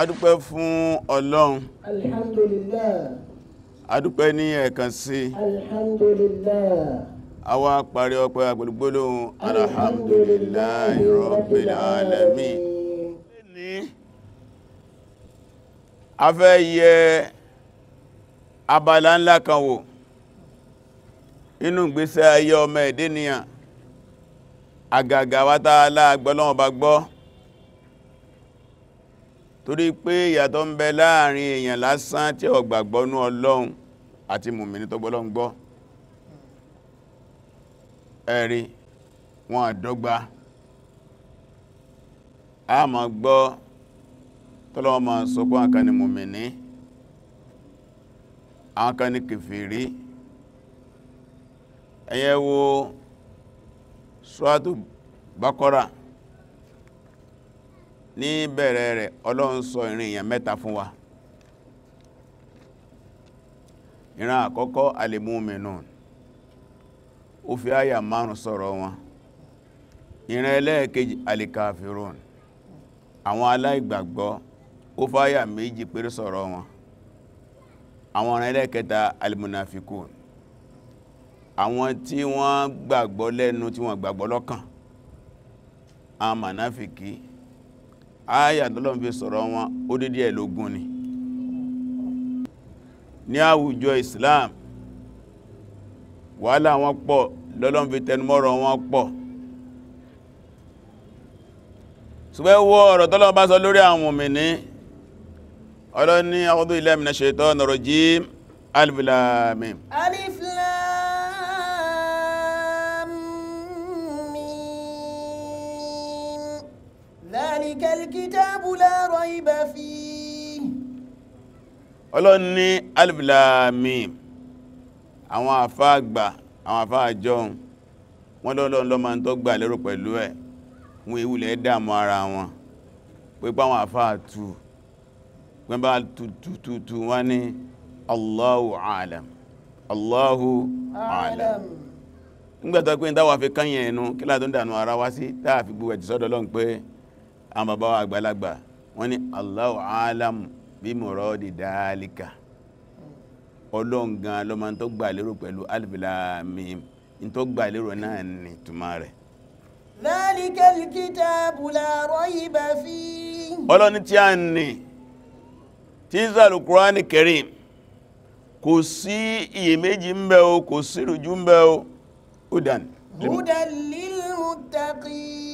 adúpẹ́ fún ọlọ́run alhamdulillah adúpẹ́ ní ẹ̀kan sí alhamdulillah àwa parí ọpẹ́ agbègbèlóhun alhamdulillah rabbil alamin ní a fẹ́ yẹ abala ńlá kan wò inú ìgbésẹ̀ ayé ọmọ ẹ̀dẹ́niyàn àgàgà wátàálà gbọ́lọ́wọ́ bá gbọ́ torí pé ìyàtọ̀ ń bẹ láàrin èèyàn lásán tí ó gbàgbọ́nú ọlọ́run àti mùmínì tó gbọ́lọ́run gbọ́ ẹ̀rí wọn àdọ́gba a ma gbọ́ tọ́lọ́wọ́ ma sọ pé àwọn kan ni mùmínì wo Suratu Bakara ní bẹ̀rẹ̀ rẹ̀ ọlọ́run sọ ìrìn èèyàn mẹ́ta fún wa ìran àkọ́kọ́ al-mu'minun ó fi àyà márùn sọ̀rọ̀ wọn ìran ẹlẹ́ẹ̀kejì al-kafirun àwọn aláìgbàgbọ́ ó fáyà méjì péré sọ̀rọ̀ wọn àwọn ọ̀rọ̀ ẹlẹ́ẹ̀kẹta al àwọn tí wọ́n gbàgbọ́ lẹ́nu tí wọ́n gbàgbọ́ lọ́kàn àmànáfikì áyà tọ́lọ́n fi sọ̀rọ̀ wọn ó dédé ẹ̀ lógún ni ní àwùjọ Islam wàhálà wọn pọ̀ lọ́lọ́n fi tẹnumọ́rọ̀ wọn pọ̀ ṣùgbẹ́ wọ́ ọ̀rọ̀ tọ́lọ́n bá sọ lórí àwọn mùmìnì ọlọ́ni a'udhu billahi minash shaitonir rajim alif lam mim alif ذلك الكتاب لا ريب فيه ọlọ́run ní alif lam mim àwọn àfá àgbà àwọn àfá àjọun wọ́n lọ́lọ́run ló máa ń tó gbà lérò pẹ̀lú ẹ̀ wọ́n ìwúlẹ̀ dààmú ara wọn pé pa àwọn àfá àtù pẹ́ bá tututu wọ́n ní allahu alam allahu alam nígbàtọ̀ pé ń dáwà fi kányẹ̀ ẹnu kí látọ́ ń dànù ara wá sí táà fi gbogbo ẹ̀jì sọ́dọ̀ lọ́n pé àwọn bàbá wa àgbàlagbà wọ́n ní Allahu alam bí muradi dhalika ọlọ́ngan lọ́mọ tó gbà lérò pẹ̀lú alif lam mim in tó gbà lérò náà ni túnmà rẹ̀ dhalikal kitabu la rayba ọlọ́ni tí a ní tí ìzàlù kúránì karim kò sí iyèméjì ń bẹ o kò sí rújú ń bẹ o hudan hudan lil muttaqin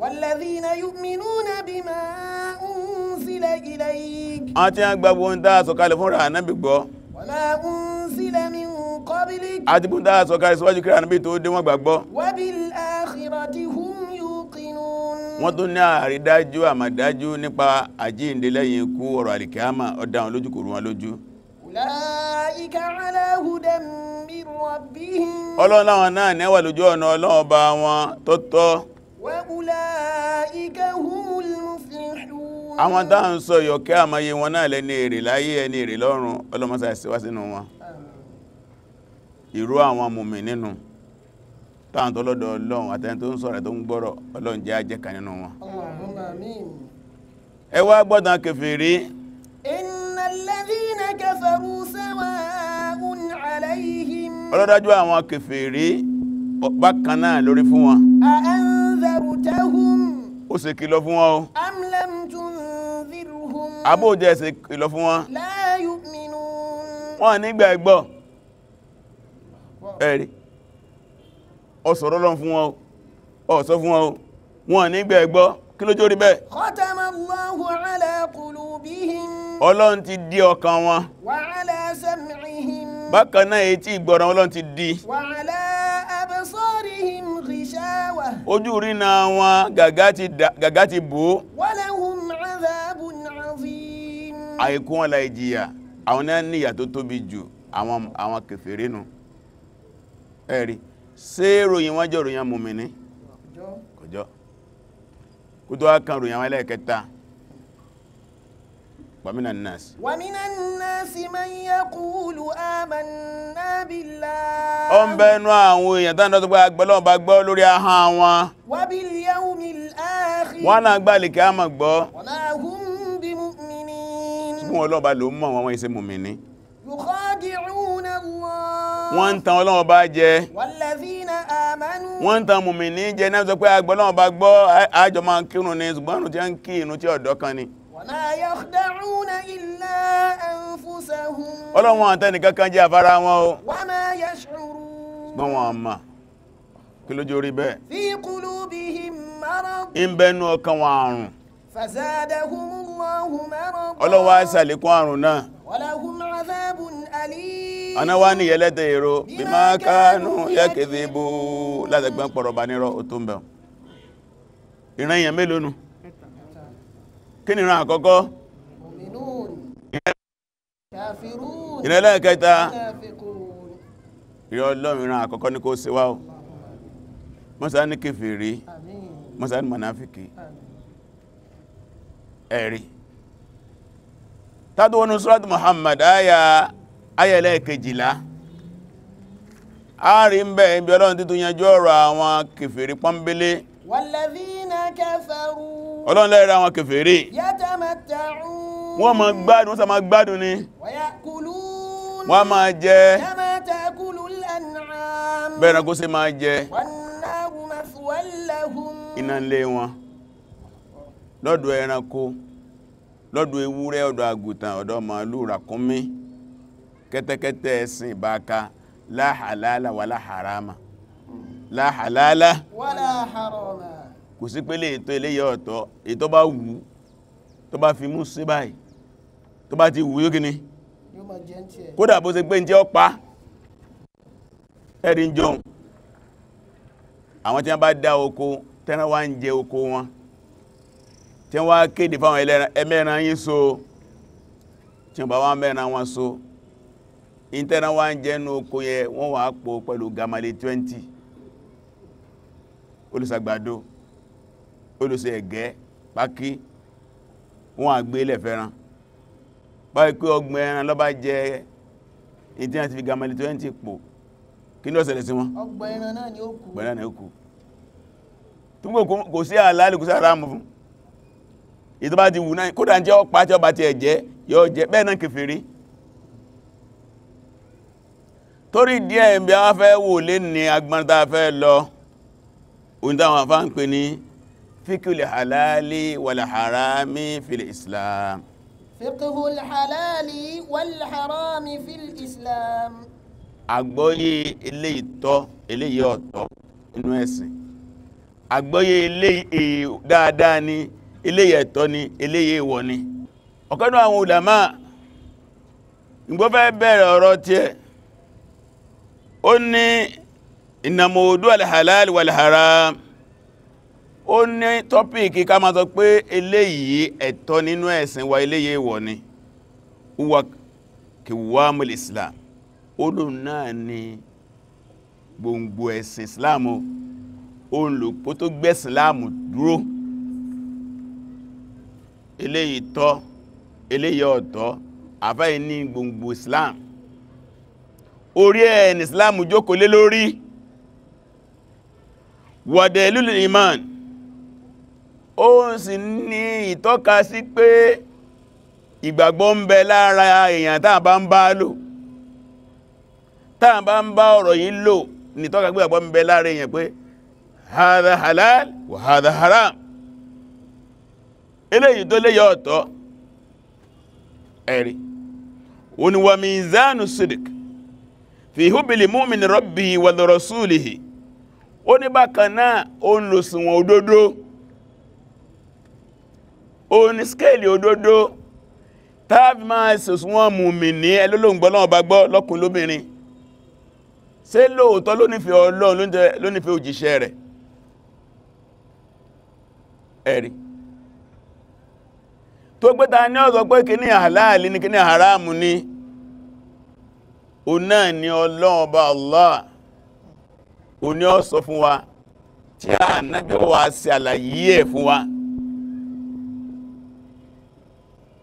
والذين يؤمنون بما أنزل إليك àti agbàgbọ́ ohun tá a sọ̀kalẹ̀ fún ra ànábì gbọ́ وما أنزل من قبلك àti ohun tá a sọ̀kalẹ̀ síwájú kí ànábì tó dé wọ́n gbàgbọ́ وبالآخرة هم يوقنون wọ́n tún ní àrídájú àmàdájú nípa àjíǹde lẹ́yìn ikú ọ̀rọ̀ àlìkíámà ó dá wọn lójú kò rú wọn lójú Láìka aláhùdẹ mìíràn bí i. Ọlọ́run láwọn náà nẹ́wà lójú ọ̀nà Ọlọ́run bá wọn tó tọ́ àwọn tá ń sọ yọ̀kẹ́ àmáyé wọn náà lẹ́ni èrè láyé ẹni èrè lọ́run ọlọ́mọsá ìsíwá sínú wọn ìró àwọn mùmí nínú táwọn tó lọ́dọ̀ ọlọ́run àtẹni tó ń sọ̀rẹ̀ tó ń gbọ́rọ̀ ọlọ́run jẹ́ ajẹ́ka nínú wọn ẹ wá gbọ́dàn kèfèrí innal أنذرتهم ó ṣe kìlọ̀ fún wọn o أم لم تنذرهم àbójẹ́ ṣe kìlọ̀ fún wọn لا يؤمنون wọ́n nígbàgbọ́ ẹ̀rí ó sọ̀rọ̀ lọ́n fún wọn ó sọ fún wọn wọ́n nígbàgbọ́ kí ló jórí bẹ́ẹ̀ ختم الله على قلوبهم ọlọ́run ti dí ọkàn wọn wa ala sam'ihim bákan náà etí ìgbọ́ràn ọlọ́run ti dí wa àbẹ̀sọ́rìhìm rìṣáwà ojú rína wọn gàgá ti bò wọ́lẹ̀hùn àzàbùn àzìm àìkú wọn la ìjìyà àwọn náà níyà tó tóbi jù àwọn kèfèrè nù ẹ̀rí ṣé ròyìn wọ́n jẹ́ ròyìn mùmìnì kọjọ́ kó tó wá kan ròyìn àwọn ẹlẹ́ẹ̀kẹta ومن الناس ومن الناس من يقول آمنا بالله ó ń bẹnu àwọn èèyàn tán tó gbá gbọ́ lọ́wọ́ bá gbọ́ lórí ahọ́n wọn وباليوم الآخر wọ́n náà gbá lè kí a mọ̀ gbọ́ وما هم بمؤمنين ṣùgbọ́n ọlọ́ọ̀bá ló mọ̀ wọn ìṣe mùmìnì يخادعون الله wọ́n ń tan Ọlọ́run bá jẹ والذين آمنوا wọ́n ń tan mùmìnì jẹ náà sọ pé agbọ́lọ́wọ́ bá gbọ́ àjọ máa kírun ní ṣùgbọ́n tí a ń kí inú tí ọ̀dọ́ kan ni ọlọ́run wọn àtẹ́ni kankan jẹ́ àfárá wọn o gbọ́n wọn àmà kí ló jórí bẹ́ẹ̀ fi qulubihim marad ìbẹ̀nú ọkàn wọn àrùn fazadahumullahu marad ọlọ́run wá ṣàlékún àrùn náà walahum azabun alim ọ̀nà wá ní ẹlẹ́tẹ̀ èrò bima kanu yakdhibu látẹ̀gbọ́n pọ̀rọ̀ bá kí ni ìran àkọ́kọ́ ìrẹ́lẹ́ kẹta ìrẹ́ ọlọ́run ìran àkọ́kọ́ ní kó ṣe wá o mọ́sá ní kèfèrí mọ́sá ní manáfíkì ẹ̀rí tàbí wọnú surat Muhammad ayà ayẹ̀lẹ́ kejìlá a rí ń bẹ̀ ibi ọlọ́run títún yanjú ọ̀rọ̀ àwọn kèfèrí pọ́nbélé walladhina kafaru ọlọ́run lẹ́ra àwọn kèfèrè yatamatta'un wọ́n máa gbádùn wọ́n máa gbádùn ni wayakulun wọ́n máa jẹ kama ta'kulul an'am bẹ́ẹ̀rẹ̀ kó sí máa jẹ wannaru mathwal lahum iná lé wọn lọ́dọ̀ ẹranko lọ́dọ̀ ewúrẹ́ ọ̀dọ̀ àgùtàn ọ̀dọ̀ màálù ràkúnmí kẹ́tẹ́kẹ́tẹ́ ẹṣin ìbáka la halala wala harama la kò sí pé lè tó eléyẹ ọ̀tọ̀ ètò bá wù tó bá fi mú sí báyìí tó bá ti wù ni kódà bó ṣe pé ń jẹ́ ọpa jọun àwọn tí wọ́n bá dá oko tẹ́ran wá ń jẹ oko wọn tí wọ́n wá kéde fáwọn ẹmẹ́ran so tí wọ́n bá wá mẹ́ran so ìtẹ́ran wá ń jẹ́ nú oko yẹ wọ́n wà á pẹ̀lú gamale 20 olùsàgbàdo olùsẹ̀ ẹ̀gẹ́ pákí wọ́n àgbé ilẹ̀ fẹ́ran báyìí pé ọgbọ̀n ẹran lọ́bá jẹ ìtí àti fi gamali 20 pò kí ní ọ̀sẹ̀lẹ̀ sí wọn ọgbọ̀n ẹran náà ni ó kù ọgbọ̀n ẹran náà ó kù túnbọ̀ kò sí àlàálì kò sí àrámù fún ìtọ́ ti wù náà kódà jẹ́ ọpá tí ọba ti ẹ̀jẹ́ yóò jẹ bẹ́ẹ̀ náà kèfèrí torí díẹ̀ ìbí a fẹ́ wò lé ní agbọ́n tá fẹ́ lọ onídáwọn afá ń pè ní fíkúlì halali wàlà harami fil islam fíkúlì halali wàlà harami fil islam àgbọ́yé eléyìí tọ́ eléyìí ọ̀tọ̀ inú ẹ̀sìn àgbọ́yé eléyìí dáadáa ni eléyìí ẹ̀tọ́ ni eléyìí èèwọ̀ ni ọ̀kanú àwọn ulama ìgbọ́fẹ́ bẹ̀rẹ̀ ọ̀rọ̀ tiẹ̀ ó ní inna mawdu alhalal walharam ó ní tọ́pìkì ká máa sọ pé eléyìí ẹ̀tọ́ nínú ẹ̀sìn wa eléyìí ìwọ̀ ni uwa kiwamul islam olóhun náà ni gbòǹgbò ẹ̀sìn islam ohun lòpó tó gbẹ̀sìn láàmù dúró eléyìí tọ́ eléyìí ọ̀tọ́ àfáì ní gbòǹgbò islam orí ẹ̀ ní islam jókòó lé lórí wàdẹ̀lúlù iman ó sì ní ìtọ́ka sí pé ìgbàgbọ́ ń bẹ lára èèyàn tá bá ń bá lò tá bá ń bá ọ̀rọ̀ yìí lò ní tọ́ka pé ìgbàgbọ́ ń bẹ lára èèyàn pé hadha halal wa hadha haram eléyìí tó léyọ ọ̀tọ̀ ẹ̀rí oníwàmí zanu sidik fi hubili mu'min rabbihi wa rasulihi ó ní bákan náà ó ń lò sùnwọ̀n òdodo ó ní skéèlì òdodo tàbí máa sùnwọ̀n mùmínì ẹlọ́lọ́gbọ́lọ́wọ́ bá gbọ́ lọ́kùn lóbìnrin ṣé lóòótọ́ ló nífẹ̀ẹ́ Ọlọ́run ló nífẹ̀ẹ́ òjíṣẹ́ rẹ̀ ẹ̀rí tó gbé ta ní ọ̀sọ̀ pé kí ní àláàlì ní kí ní ní o ni Ọlọ́run bá Allah o ní ọ sọ fún wa tí a náàbí wà sí àlàyé ẹ̀ fún wa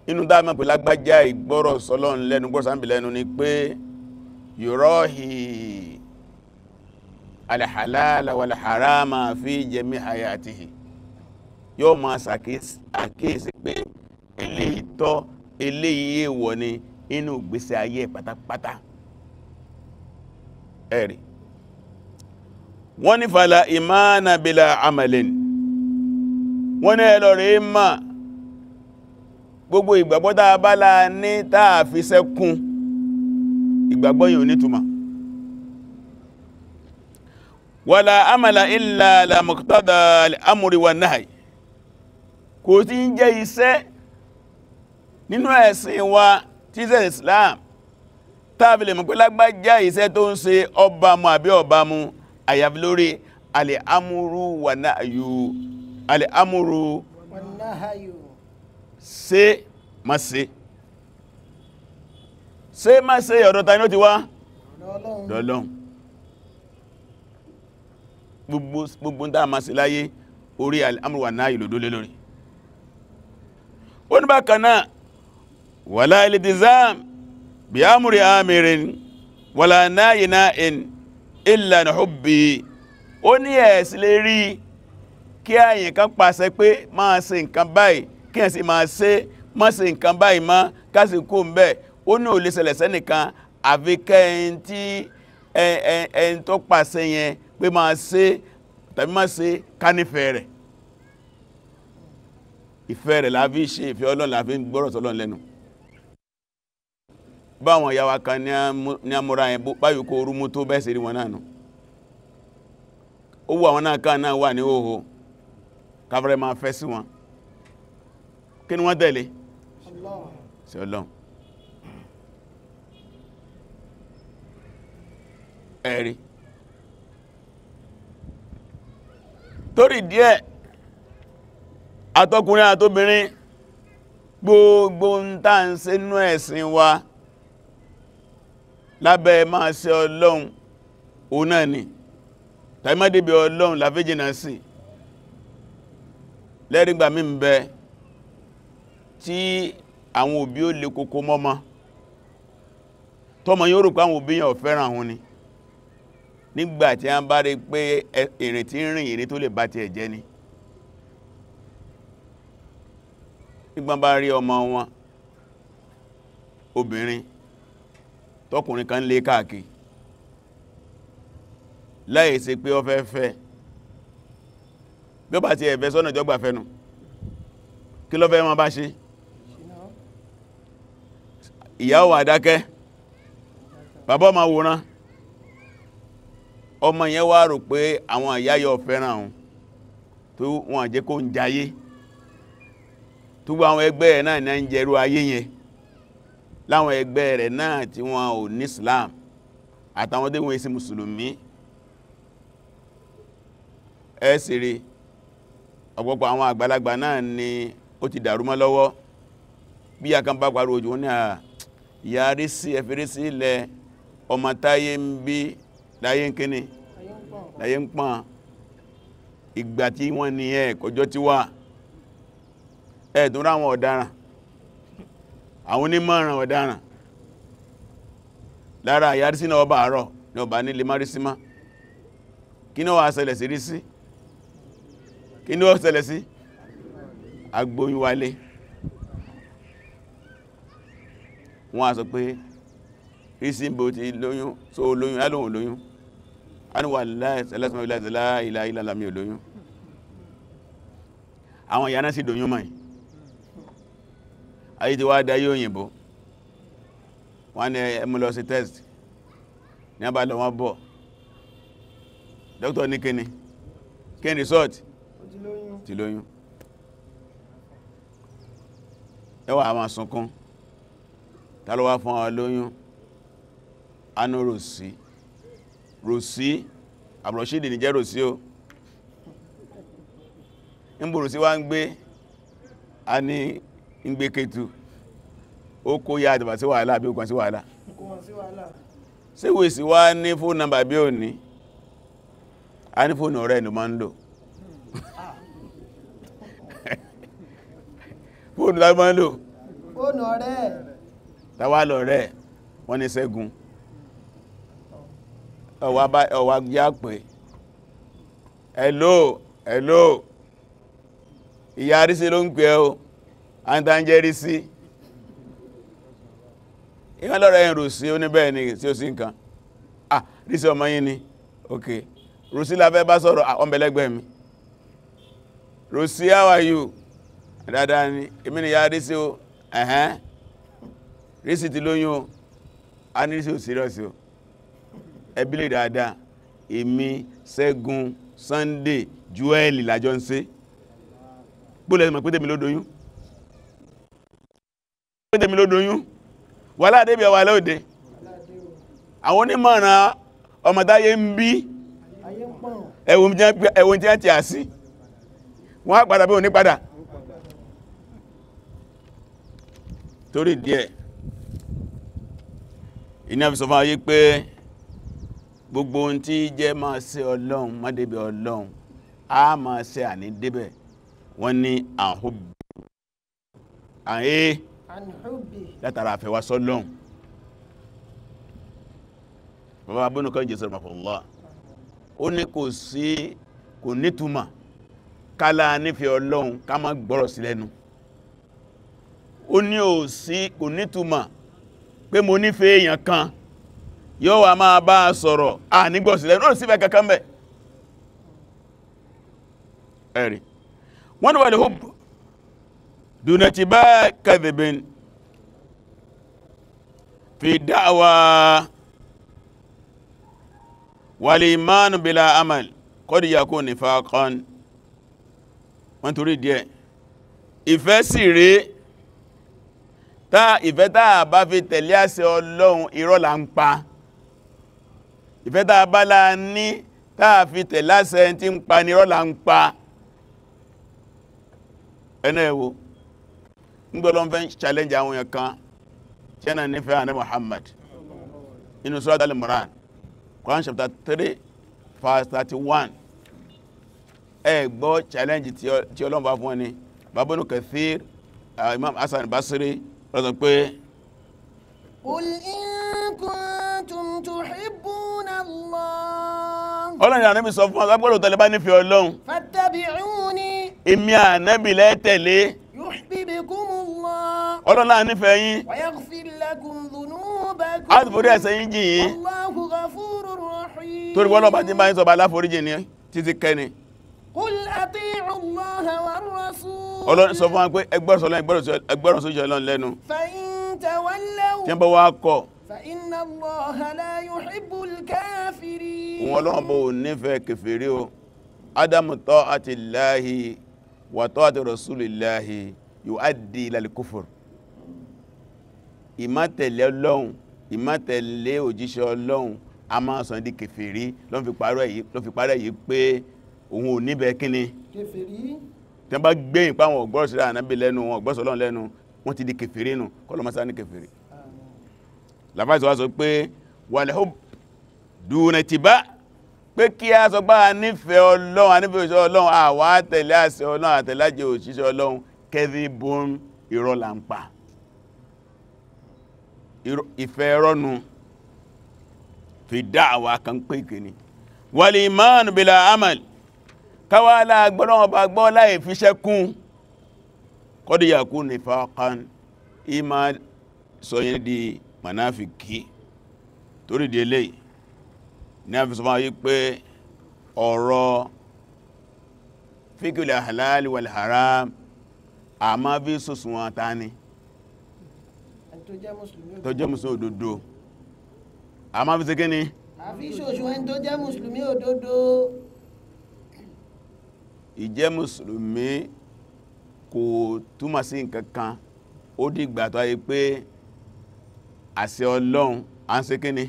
inú dámà pè lágbájá ìgbọ́rọ̀ sọ́lọ́n lẹ́nu gbọ́sánbì lẹ́nu ni pé yurahi alhalala walharama fi jami hayatihi yóò ma sàkíyèsí pé ilé ìtọ́ ilé ìyẹ̀wọ̀ ni inú ìgbésí ayé pátápátá ẹ̀rì wọ́n ní fàlà ìmáàna bílá amalin wọ́n ní ẹlọ rẹ̀ ma gbogbo ìgbàgbọ́ tàà bá la ní tàà fi sẹ́kún ìgbàgbọ́ yìí ò ní túmọ̀ wàlá amala illa la muqtada al-amri wa nahy kò tí ń jẹ́ iṣẹ́ nínú ẹ̀sìn wa tí ṣe Islam tàbí lè mọ̀ pé lágbàjá iṣẹ́ tó ń ṣe ọba àbí ọba àyàfi lórí alìámúrú wà náà yóò alìámúrú wà náà yóò ṣe má ṣe ṣe má ṣe ọ̀dọ̀ ta ní ó ti wá lọ́lọ́un gbogbo ń dáa má ṣe láyé orí alìámúrú wà náà yóò lòdó lé lórí ó ní bákan náà wà láìlìtìzáàmù bí ámúrí àmìrin wà láà náà yìí náà ìlànà òbí ó ní ẹ̀sì lè rí kí àyìn kan pàṣẹ pé máa ṣe nǹkan báyìí kí ẹ̀sì máa ṣe má ṣe nǹkan báyìí má kásì kó ń bẹ̀ ó ní ò lè ṣẹlẹ̀ sẹ́nìkan àfi kẹ́yìn tí ẹn tó pàṣẹ yẹn pé máa ṣe tàbí má ṣe kánífẹ́ rẹ̀ ìfẹ́ rẹ̀ láàfin ṣe ìfẹ́ ọlọ́run láàfin gbọ́rọ̀ báwọn ìyàwó kan ní àmúra ẹ̀ báyìí kó orúmú tó bẹ́ẹ̀ sí rí wọn náà nù ó wà wọn náà kan náà wà ní òhò káfẹ́rẹ́ máa fẹ́ sí wọn kí ni wọ́n tẹ̀lé sí ọlọ́run ẹ̀rí torí díẹ̀ àtọkùnrin àtobìnrin gbogbo ń tàà ń ṣe nínú ẹ̀sìn wa lábẹ́ máa ṣe ọlọ́run òun náà ni tàímọ́débí ọlọ́run làfíjìnà sí lẹ́rìngbà mí ń bẹ tí àwọn òbí ó lè kókó mọ́mọ́ tọ́mọ yóò rò pé àwọn òbí yàn fẹ́ràn àwọn ni nígbàtí a bá rí pé ìrìn tí ń rìn ìrìn tó lè bá ti ẹ̀jẹ́ ni nígbà bá rí ọmọ wọn obìnrin tọkùnrin kan lé káàkiri láì ṣe pé ó fẹ́ fẹ́ bí ó bá ti ẹ̀fẹ́ sọ́nà ìjọgbà fẹ́nu kí ló fẹ́ máa bá ṣe ìyàwó àdákẹ́ bàbá ọmọ wòran ọmọ yẹn wá rò pé àwọn àyáyọ fẹ́ràn òun tó wọ́n jẹ́ kó ń jayé tó gbọ́ àwọn ẹgbẹ́ ẹ̀ náà ní jẹ́rú ayé yẹn láwọn ẹgbẹ́ rẹ̀ náà tí wọ́n ò ní Islam àtàwọn tí wọ́n isi mùsùlùmí ẹ sì ọ̀pọ̀pọ̀ àwọn àgbàlagbà náà ni ó ti dàrú mọ́ lọ́wọ́ bí a kan bá parí ojú wọn ni à yàrí sí ẹfẹ́rí sí ilẹ̀ ọmọ táyé ń bí láyé ń láyé ń ìgbà tí wọ́n ni ẹ̀ kọjọ́ ti wà ẹ̀ tó ráwọn ọ̀daràn àwọn onímọ̀ràn ọ̀daràn lára àyàrísí náà ọba àárọ̀ ní ọba ní lè márísí má kí ní wà ṣẹlẹ̀ sí rí sí kí ní wà ṣẹlẹ̀ sí agbóyún wálé wọ́n a sọ pé rí sí bó ti lóyún só lóyún lálóhun lóyún a ní wà láìsẹ̀lẹ́sìmọ̀ olóyún àwọn ìyá dòyún mọ́ ayé ti wá dáyé òyìnbó wọ́n ní ẹmú test ní àbá lọ wọ́n bọ̀ dr ní kíni kí ni result ti lóyún ẹwà àwọn sunkún tàlọ́wà fún ọ lóyún anú rosí rosí àbúrọ̀ṣídì ní jẹ́ rosí o ń bò wá ń gbé a ní ń gbé kétu ó kó yá àdàbà sí wàhálà àbí òkùn sí wàhálà síwò sí wá ní fóònù nàmbà bí ò ní a ní fóònù ọ̀rẹ́ ẹnu máa ń lò fóònù láti máa ń lò fóònù ọ̀rẹ́ tàwà lọ rẹ̀ wọ́n ní Ṣẹ́gun ọwà yá pé hello hello ìyá arísí ló ń pẹ́ o àìtàǹjẹ́rí sí ìyàn lọ́rọ̀ ẹ̀yìn rùsí ó ní bẹ́ẹ̀ ni tí ó sí nǹkan ah rísí ọmọ yìí ni ok rùsí láfẹ́ bá sọ̀rọ̀ ọmọbẹ̀lẹ́gbẹ̀ mi rùsí how are you dáadáa ni èmi ni ya rísí o ẹ̀hẹ́n rísí ti lóyún o a ní rísí o sírọ́sí o ẹbí lè dáadáa èmi ṣẹ́gun Sunday Joel làjọ ń ṣe gbólẹ̀ mọ̀ pé tèmi ló dóyún pé tèmi ló doyún wà láàdé bí ọwà lóòdé àwọn onímọ̀ràn ọmọdáyé ń bí ẹ̀wọ̀n jẹ́ ti àsí wọ́n á padà bí òní padà torí díẹ̀ iná fi sọ fún ayé pé gbogbo ohun tí jẹ́ máa ṣe ọlọ́run má débẹ̀ a máa ṣe àní débẹ̀ wọ́n ní àhúbẹ̀ àyè látara àfẹ́wà sọ́lọ́n bàbá abúnú kan jẹ́ sọ́rọ̀ mọ̀kànlá ó ní kò sí kò nítumà kálá nífẹ́ ọlọ́run ká má gbọ́rọ̀ sí lẹ́nu ó ní ò sí kò nítumà pé mo nífẹ́ èèyàn kan yóò wà máa bá a sọ̀rọ̀ à nígbọ̀ sí lẹ́nu ó sì bẹ́ kankan bẹ̀ ẹ̀rí wọ́n ni wà lè hóbù dúnàtí bá kàdìbìn fi dáwà wàlì ìmánu bí láàmàl kọ́dí yakó nifaqan wọ́n torí díẹ̀ ìfẹ́ sì rí tá ìfẹ́ tá bá fi tẹ̀lé àṣẹ ọlọ́run irọ́ là ń pa ìfẹ́ tá bá lá ní tá fi tẹ̀lé àṣẹ tí ń pa ní irọ́ ń pa ẹnà ngbọ́lọ́n challenge àwọn èèyàn kan ṣẹ́nà nífẹ́ àní Muhammad inú Surat Al-Imran Quran chapter three, verse 31 ẹ gbọ́ challenge tí Ọlọ́run bá fún ẹni babunu Kathir uh, Imam Hassan Basri rọ́sọ pé qul in kuntum tuhibbuna Allah ọlọ́rin ànẹ́bì sọ fún ọlọ́gbọ́lò tẹ́lẹ̀ bá nífẹ́ Ọlọ́run fattabi'uni èmi ànẹ́bì lẹ́tẹ̀lé yuhbibkumu ọlọ́lá nífẹ̀ẹ́ yín àtìfòrí ẹ̀ṣẹ̀ yín jì yín torí wọ́n lọ́bá tí bá ń sọ bá aláforíjì ní títí kẹni ọlọ́run sọ fún wa pé ẹgbọ́rọ̀ sójú ọlọ́run lẹ́nu tí wọ́n bá wá kọ̀ òun ọlọ́run bó nífẹ̀ẹ́ kèfèrí o adamu ta'ati llahi wa ta'ati rasulillahi yu'addi ila al-kufr ìmátẹ̀lé ọlọ́run ìmátẹ̀lé òjíṣẹ́ ọlọ́run a máa sọ di kèfèrí ló fi parẹ́ yìí pé òun ò níbẹ̀ kíni kèfèrí a bá gbé ìpá wọn ọ̀gbọ́sọ̀ ànábì lẹ́nu wọn ọ̀gbọ́sọ̀ ọlọ́run lẹ́nu wọ́n ti di kèfèrí nù kọlọmọsá ní kèfèrí làfáìsọ wá sọ pé wàlẹ̀ dùnà ti bá pé kí a sọ bá nífẹ̀ẹ́ ọlọ́run anífẹ́ òṣìṣẹ́ ọlọ́run àwà tẹ̀lé àṣẹ ọlọ́run àtẹ̀lájẹ òṣìṣẹ́ ọlọ́run kẹ́dìbọn ìrọ̀làǹpàá ìfẹ́ rọ́nu fi dáàwà kan pé kìíní wal iman bila amal káwà aláàgbọ́nà ọba gbọ́ láì fi ṣẹ́kún kọ́díyàkú nifaqan ìmá sọyẹ́ di manáfikí torí di eléyìí ní a fi sọmọ́ yí pé ọ̀rọ̀ fíkìlì halal wal haram àmá bí sọ́sùn wọn ta tó jẹ́ mùsùlùmí òdodo a máa fi ṣe kí ni a fi ṣoṣù ẹni tó jẹ́ mùsùlùmí òdodo ìjẹ́ mùsùlùmí kò túmọ̀ sí nǹkankan ó dìgbà tó ayé pé àṣẹ ọlọ́run a ń ṣe kí ni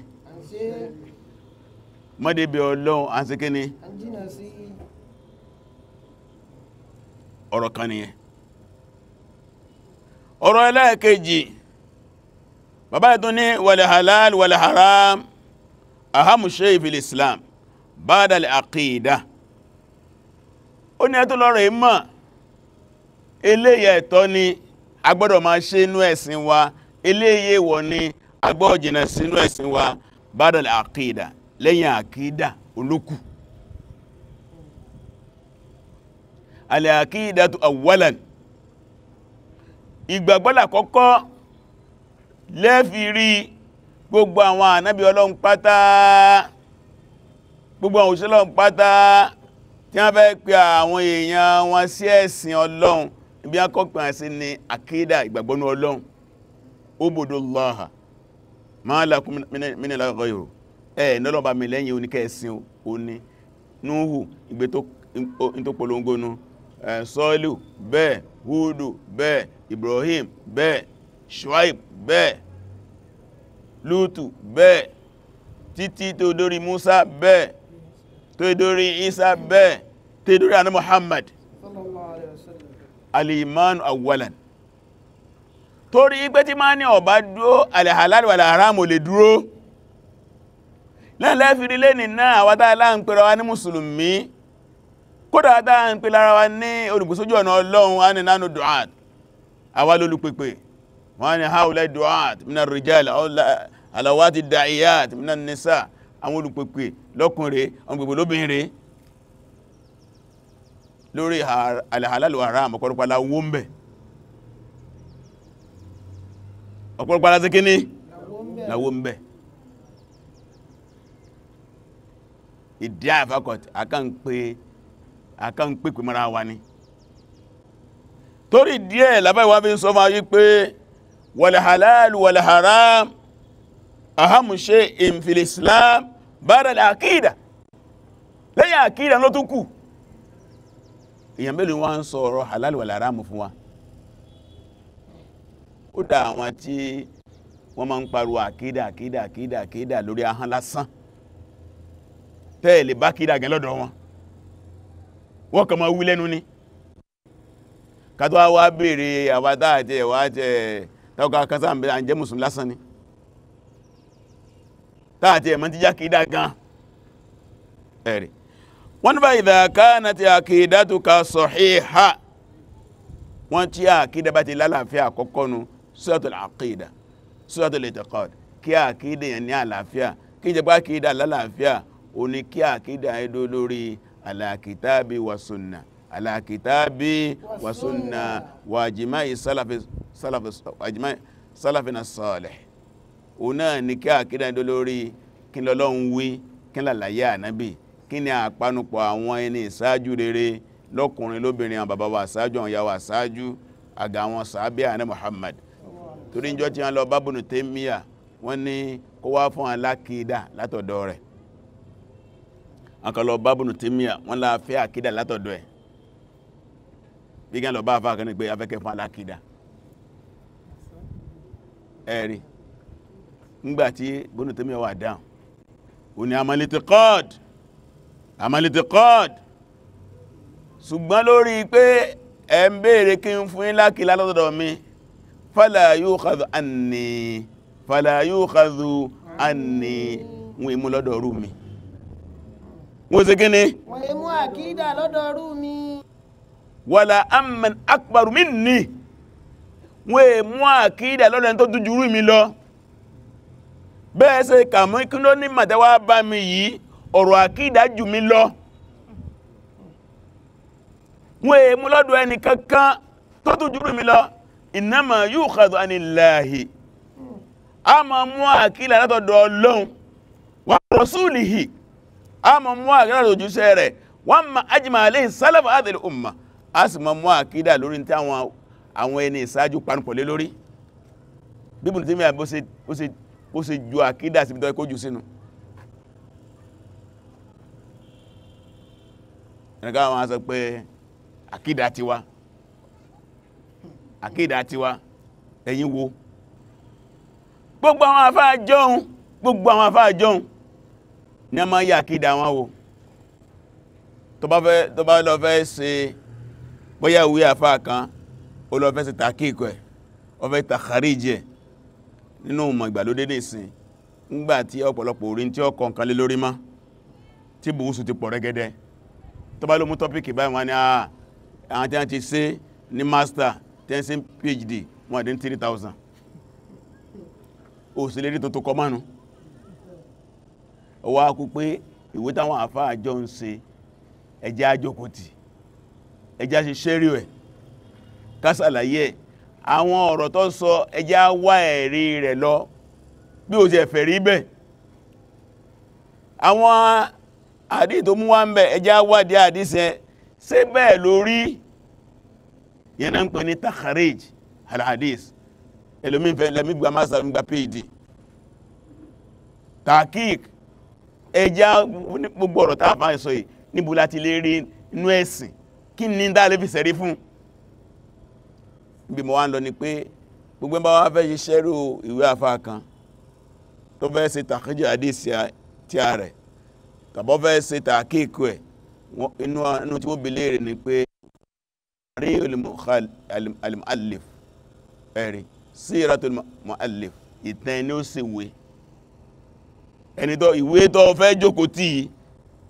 mọ́débẹ̀ ọlọ́run a ń ṣe kí ni ọ̀rọ̀ kan nìyẹn ọ̀rọ̀ ẹlẹ́ẹ̀kejì bàbá rẹ̀ tó ní wàlẹ̀ halal wàlẹ̀ haram ahamu shay fil islam ba'da al-aqida ó ní ẹ̀tọ́ lọ́rọ̀ ìmọ̀ eléyẹ ẹ̀tọ́ ni agbọ́dọ̀ máa ṣe inú ẹ̀sìn wa eléyẹ wọ̀ ni agbọ́dọ̀ jìnà sínú ẹ̀sìn wa ba'da al-aqida lẹ́yìn àkídà olókù al-aqidatu lẹ́fì gbogbo àwọn ànábí ọlọ́run pátá gbogbo àwọn òṣèlú pátá tí wọ́n fẹ́ pè àwọn èèyàn wọn sí ẹ̀sìn ọlọ́run ibi akọ́pẹ̀ àti ní àkídà ìgbàgbọ́nú ọlọ́run ubudullaha ma lakum min ibrahim bẹ́ẹ̀ Shuaib bẹ́ẹ̀ Lútù bẹ́ẹ̀ títí tó dórí Musa bẹ́ẹ̀ tó dórí Isa bẹ́ẹ̀ tó dórí àná Muhammad alìmánu awwalan torí pé tí máa ní ọ̀bá dúó alìhàlálù alìhàrámù lè dúró lẹ́lẹ́ fìrí lè nì náà wátá aláǹpẹ̀rẹ̀ wa ní mùsùlùmí kódà wátá aláǹpẹ̀lára wa ní olùgbòsójú ọ̀nà ọlọ́run wa ní nánú du'ad àwa wọ́n ni haula du'at minar rijal alawati da'iyat minan nisa àwọn olùpẹ̀pẹ̀ lọ́kùnrin àwọn gbogbo lóbìnrin lórí alhalalu haram ọ̀pọ̀lọpàá wọ́mbẹ̀ ọ̀pọ̀lọpàá ti kíní lawọ́mbẹ̀ ìdí àfakọ̀t àkàn pè pè mara wa ni torí díẹ̀ lábáyíwá fi ń sọ fún ayé pé والحلال والحرام أهم شيء في الإسلام بعد العقيدة lẹ́yìn àkídà ló tún kù èyàn mélòó wá ń sọ ọ̀rọ̀ halal wà láàrámù fún wa ó dá àwọn tí wọ́n máa ń pariwo àkídà àkídà àkídà àkídà lórí ahán lásán tẹ́ẹ̀lẹ̀ bá kídà gẹ lọ́dọ̀ wọn kàtọ́ wá béèrè àwátá àti tàwọn kan sáà ń bẹ̀rẹ̀ àjẹ́ mùsùlùmí lásán ni táàtì ẹ̀mọ́ ti jákèdá gan ẹ̀rì wọ́n bá ìdàká na ti àkèdá tó ka sahiha wọ́n tí àkèdá bá ti lálàáfíà àkọ́kọ́ nu suratul àkèdá suratul i'tiqad kí àkèdá yẹn ní ala kitabi wa sunna wa jima'i salafina salih o náà ni kí àkídà ìdó lórí kí lọ́lọ́un wí kí lálàyé ànábì kí ni àpanupọ̀ àwọn ẹni ìsáájú rere lọ́kùnrin lóbìnrin àwọn bàbá wa sáájú àwọn yàwó sáájú àgà àwọn sàábí àná Muhammad torí ìjọ tí wọ́n lọ bá Ibn Taymiyyah wọ́n ní kó wá fún alákídà látọ̀dọ̀ rẹ̀ àkàlọ̀ bá Ibn Taymiyyah wọ́n láfẹ́ àkídà látọ̀dọ̀ ẹ̀ tí kí n lọ bá afá kan ní pé afẹ́kẹ́ fún alákìdá ẹ̀rí ngbàtí bónú tó mẹ́wàá dáhùn o ni amalitiqad amalitiqad ṣùgbọ́n lórí pé ẹ ń bèèrè kí n fún ilákìlá lọ́dọ̀ mi fala yukhadhu anni fala yukhadhu anni wọn imú lọ́dọ̀ rú mi wọ́n ṣe kí wọ́n imú àkídà lọ́dọ̀ mi wàlá amman akbaru minni wọ́n è mú àkídà lọ́dẹ̀ tó dújú rú mi lọ bẹ́ẹ̀ ṣe kàmú kí ló ní màtẹ́wà bá mi yìí ọ̀rọ̀ àkídà jù mí lọ wọ́n è mú lọ́dọ̀ ẹni kankan tó dújú rú mi lọ innama yukhadhu anillahi a ma a ma mú àkídà látọ̀dọ̀ ojúṣẹ́ rẹ̀ wa ma ajma alayhi salafu hadhihi a sì mọ́ mọ́ àkídà lórí tí àwọn ẹni ìsáájú panupọ̀ lé lórí bíbùn tí mẹ́rin bó ṣe ju àkídà sí ìbìtọ́ ikójú sínú ẹ̀nìká wọn sọ pé àkídà tiwa àkídà tiwa ẹ̀yin wo gbogbo àwọn afá jọun gbogbo àwọn afá jọun ni a máa yí àkídà wọn wo tó bá lọ fẹ́ ṣe bóyá ìwé àfá kan ó lọ fẹ́ sí takíkọ ẹ̀ ó fẹ́ takharíjì ẹ̀ nínú ìmọ̀ ìgbàlódé nìsìn ńgbà tí ọ̀pọ̀lọpọ̀ orin tí ó kọ nǹkan lé lórí mọ́ tí bùúsù ti pọ̀ rẹ́gẹ́dẹ́ tó bá ló mú tọ́pìkì báyìí wọ́n ah, ní master tẹ́ńsí phd wọ́n dín 3000 ó sì lérí tó tó kọ mánu ó wá kú pé ẹjá ṣe ṣẹ́rí ẹ̀ kásàlàyé ẹ̀ àwọn ọ̀rọ̀ tó sọ ẹjá wá ẹ̀rí rẹ̀ lọ bí ó ti ẹ̀fẹ̀ rí bẹ̀ àwọn àdí tó mú wá ń bẹ̀ ẹjá wádí àdísẹ ṣé bẹ́ẹ̀ lórí yẹn ń pè ní takharij alhadis ẹlòmífẹ́ lẹ́mígbà másà ń gba takik ẹjá gbogbo ọ̀rọ̀ tàbí àìsọ̀ yìí níbo láti lè rí inú ẹ̀sìn kí ní dáa lè fi sẹ̀rí fún bí mo wá ń lọ ni pé gbogbo bá wá fẹ́ ṣiṣẹ́ rú ìwé afá kan tó fẹ́ ṣe tàkíjì àdísì tí a rẹ̀ tàbọ́ fẹ́ ṣe tàkíkù ẹ̀ inú tí ó bèlè rẹ̀ ni pé rí al-muallif ẹ̀rí siratul muallif ìtàn ni ó sì wé ẹni tó ìwé tó fẹ́ jókòó tí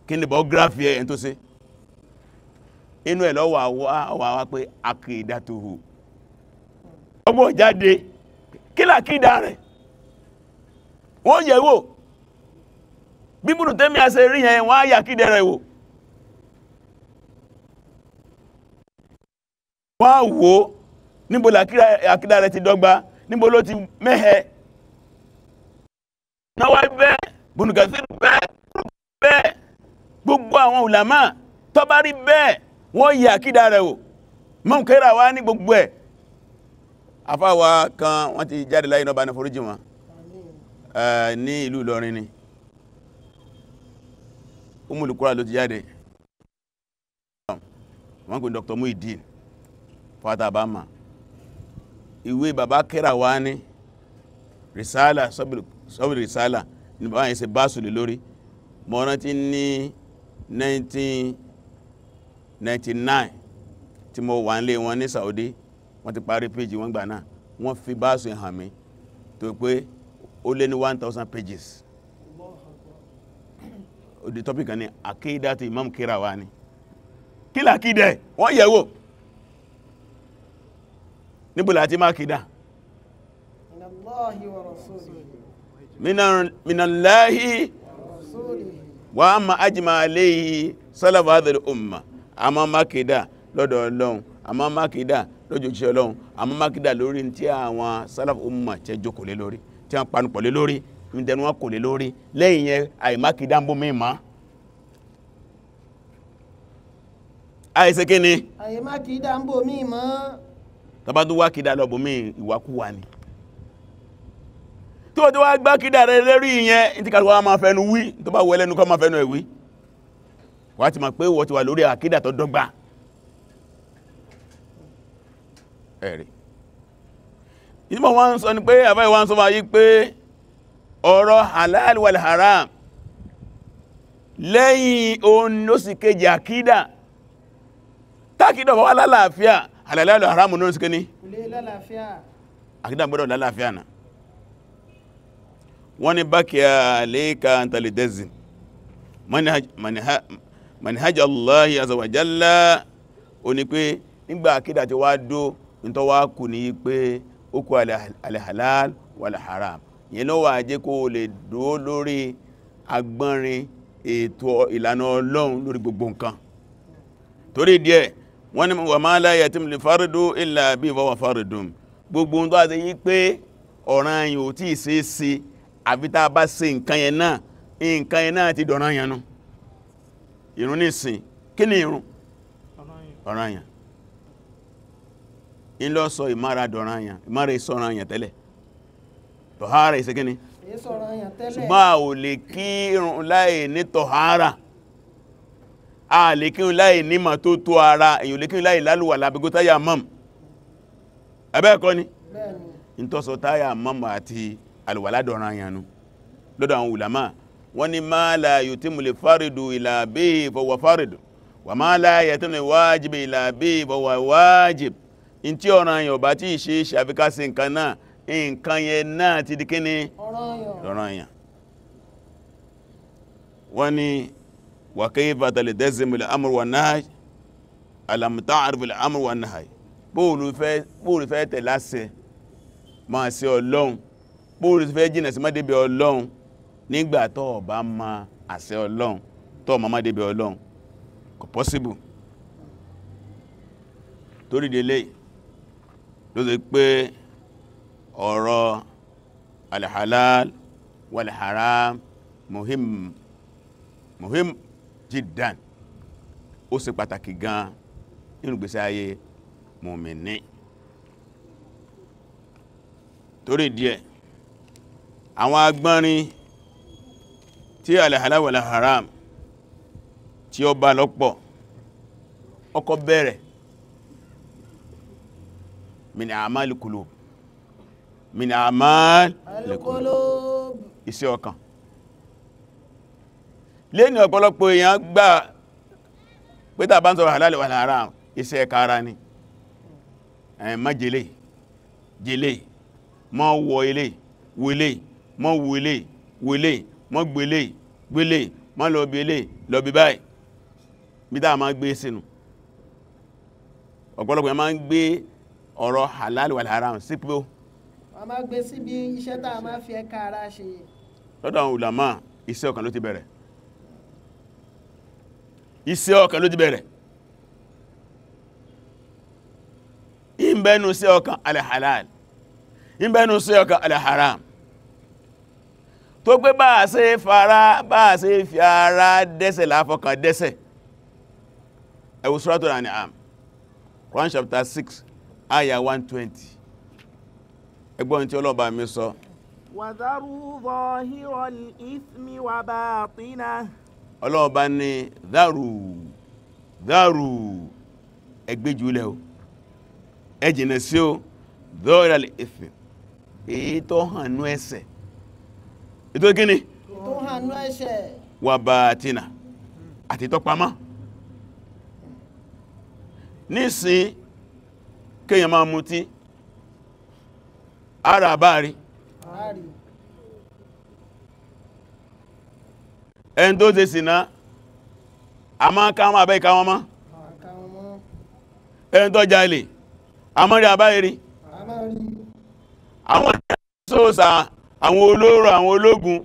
kí ni biography ẹ̀ tó ṣe inú ẹ̀ lọ́wọ́ àwọ̀ àwọ̀ pé akìdá tó hù ọmọ ìjáde kí làkídà rẹ̀ wọ́n yẹ̀ wò bíbùrù tẹ́mí àṣẹ rí yẹn wọ́n á yà kídẹ̀ rẹ̀ wò wọ́n á wò níbo làkídà rẹ̀ ti dọ́gba níbo ló ti mẹ́hẹ gbogbo àwọn ulama tó bẹ́ẹ̀ wọ́n yà kídà rẹ̀ o mọ́n kẹ́rà wá ní gbogbo ẹ̀ afáwa kan wọ́n ti jáde láyé náà bá ní foríjì wọn ní ìlú Ìlọrin ni umulukura ló ti jáde wọ́n kò Dr. Muideen fata bama ìwé bàbá kẹ́rà wá ní risala sọ́bìlì risala ní bàbá yẹn ṣe bá sùlè lórí mọ́rántí ní 19 99 tí mo wà nílé wọn ní Saudi wọ́n ti parí péjì wọ́n gbà náà wọ́n fi báàsù hàn mí tó pé ó lé ní 1000 pages òdí topic kan ní àkídá ti Imam Kírawání kílà kídẹ̀ wọ́n yẹ̀wò níbùlá àti máa kìdá minallahi wa amma ajma alayhi salafu hadhihi umma a máa mákèdà lọ́dọ̀ ọlọ́run a máa mákèdà lọ́jọ́ òjíṣẹ́ ọlọ́run a máa mákèdà lórí tí àwọn salaf umma tẹ́ jókòó lé lórí tí wọ́n panupọ̀ lé lórí ní tẹnu wọn kò lé lórí lẹ́yìn yẹn àìmákèdà ń bó mi mọ́ àìsẹ́ kí ni àìmákèdà ń bó mi mọ́ tọba tó wá kìdá lọ́bọ̀ mí ìwàkúwà ni tó tó wá gbá kìdá rẹ̀ lérí ìyẹn ìtìkàlùwà máa fẹ́nu wí tó bá wẹ́lẹ́nu kọ́ máa fẹ́nu ẹ̀wí wà ti ma pé wọ́n ti wà lórí àkídà tó dọ́gba ẹ̀rì ìmọ̀ wọ́n sọ ni pé àbáyé wọ́n sọ bá yí pé ọ̀rọ̀ halal wal haram lẹ́yìn òun ló sì kejì àkídà tákídà bá wà lálàáfíà halal wal haram ní oṣù kíní àkídà gbọ́dọ̀ lálàáfíà náà wọ́n ni bákíà lẹ́ẹ̀kà tàlẹ̀dẹ́zì manhaj manhaj manhaj Allah azza wa jalla ó ní pé nígbà akídà tí wá dó ní tó wá kù ní pé ó kú alhalal walharam yẹn ló wà jẹ́ kó lè dúó lórí agbọ́nrin ètò ìlànà ọlọ́run lórí gbogbo nǹkan torí díẹ̀ wọ́n ni wà máa la yatim li fardu illa bí ìwọ́wà fardun gbogbo tó àti yí pé ọ̀ràn yìí ò tí ì sí sí àbí tá bá ṣe nǹkan yẹn náà nǹkan yẹn ti dọ̀ràn yẹn náà ìrun nísìn kí ni ìrun ọ̀ranyàn in lọ sọ ìmára dọ̀ranyàn ìmára ìsọ̀ranyàn tẹ́lẹ̀ tọ̀hárà ìsẹ́ kíní ṣùgbọ́n a ò lè kírun láì ní tọ̀hárà a lè kírun láì ní ma tó tó ara èyàn lè kírun láì lálùwà lábígó táyà mọ́m ẹbẹ́ẹ̀kọ́ ni in tọ́sọ táyà mọ́m àti àlùwà ládọ̀ranyàn lọ́dọ̀ àwọn ulama wọ́n ni máa la yutimu li faridu ila bihi fa huwa faridu wà máa la yutimu li wajibi ila bihi fa huwa wajib in tí ọ̀ràn yàn bá tí ṣe ṣàfikásí nǹkan náà nǹkan yẹn náà ti di ni ọ̀ràn yàn wọ́n ni wa kayfa nígbà tó o bá ma àṣẹ ọlọ́run tó o máa débẹ̀ ọlọ́run kò pọ́síbù torí délé ló ti pé ọ̀rọ̀ alhalal walharam muhim muhim jiddan ó ṣe pàtàkì gan nínú gbèsè ayé mùmìnì torí àwọn agbọ́nrin tí al-halal wal-haram tí ó bá lọ́pọ̀ ọkọ̀ bẹ̀rẹ̀ min a'mal al-qulub min a'mal al-qulub iṣẹ́ ọkàn lẹ́ni ọ̀pọ̀lọpọ̀ èèyàn gbà pé tàbá ń sọ halal wal-haram iṣẹ́ ẹ̀ka ara ni ẹ̀mọ́ jẹ́lẹ̀ jẹ́lẹ̀ mọ́ wọ ilé wọlé mọ́ wọlé wọlé mọ́ gbélé gbélé mọ́ lọ bí ilé lọ bí báyìí bí dáa máa gbé sínú ọ̀pọ̀lọpọ̀ máa ń gbé ọ̀rọ̀ halal wal haram sípò wọ́n máa gbé síbi iṣẹ́ táa máa fi ẹka ara ṣe lọ́dọ̀ àwọn ulama iṣẹ́ ọkàn ló ti bẹ̀rẹ̀ iṣẹ́ ọkàn ló ti bẹ̀rẹ̀ ìbẹ́nu sí ọkàn alẹ́ halal ìbẹ́nu sí ọkàn alẹ́ haram tó pé bá a fara bá a ṣe fi ara dẹ́sẹ̀ láfọkàn dẹ́sẹ̀ ẹ wo Suratul An'am Quran chapter 6 120 ẹgbọ́n tí ọlọ́ba mi sọ wadharu wa ní dharu dharu ẹgbẹ́júlẹ̀ o ẹjìnà sí o zahiral ithmi èyí tó hàn ní ẹsẹ̀ ètò gini? tó hànú ẹ̀ṣẹ̀ wà bàtínà àti tọ́pamọ́ nísìn kéèyàn máa mutí ara àbárí ẹn tó ṣe aba a máa ká wọn àbẹ́ ìká wọn mọ́ ẹn tó jalè a mọ́ rí àbárí àwọn ìrìnàṣòsàn àwọn olóró àwọn ológun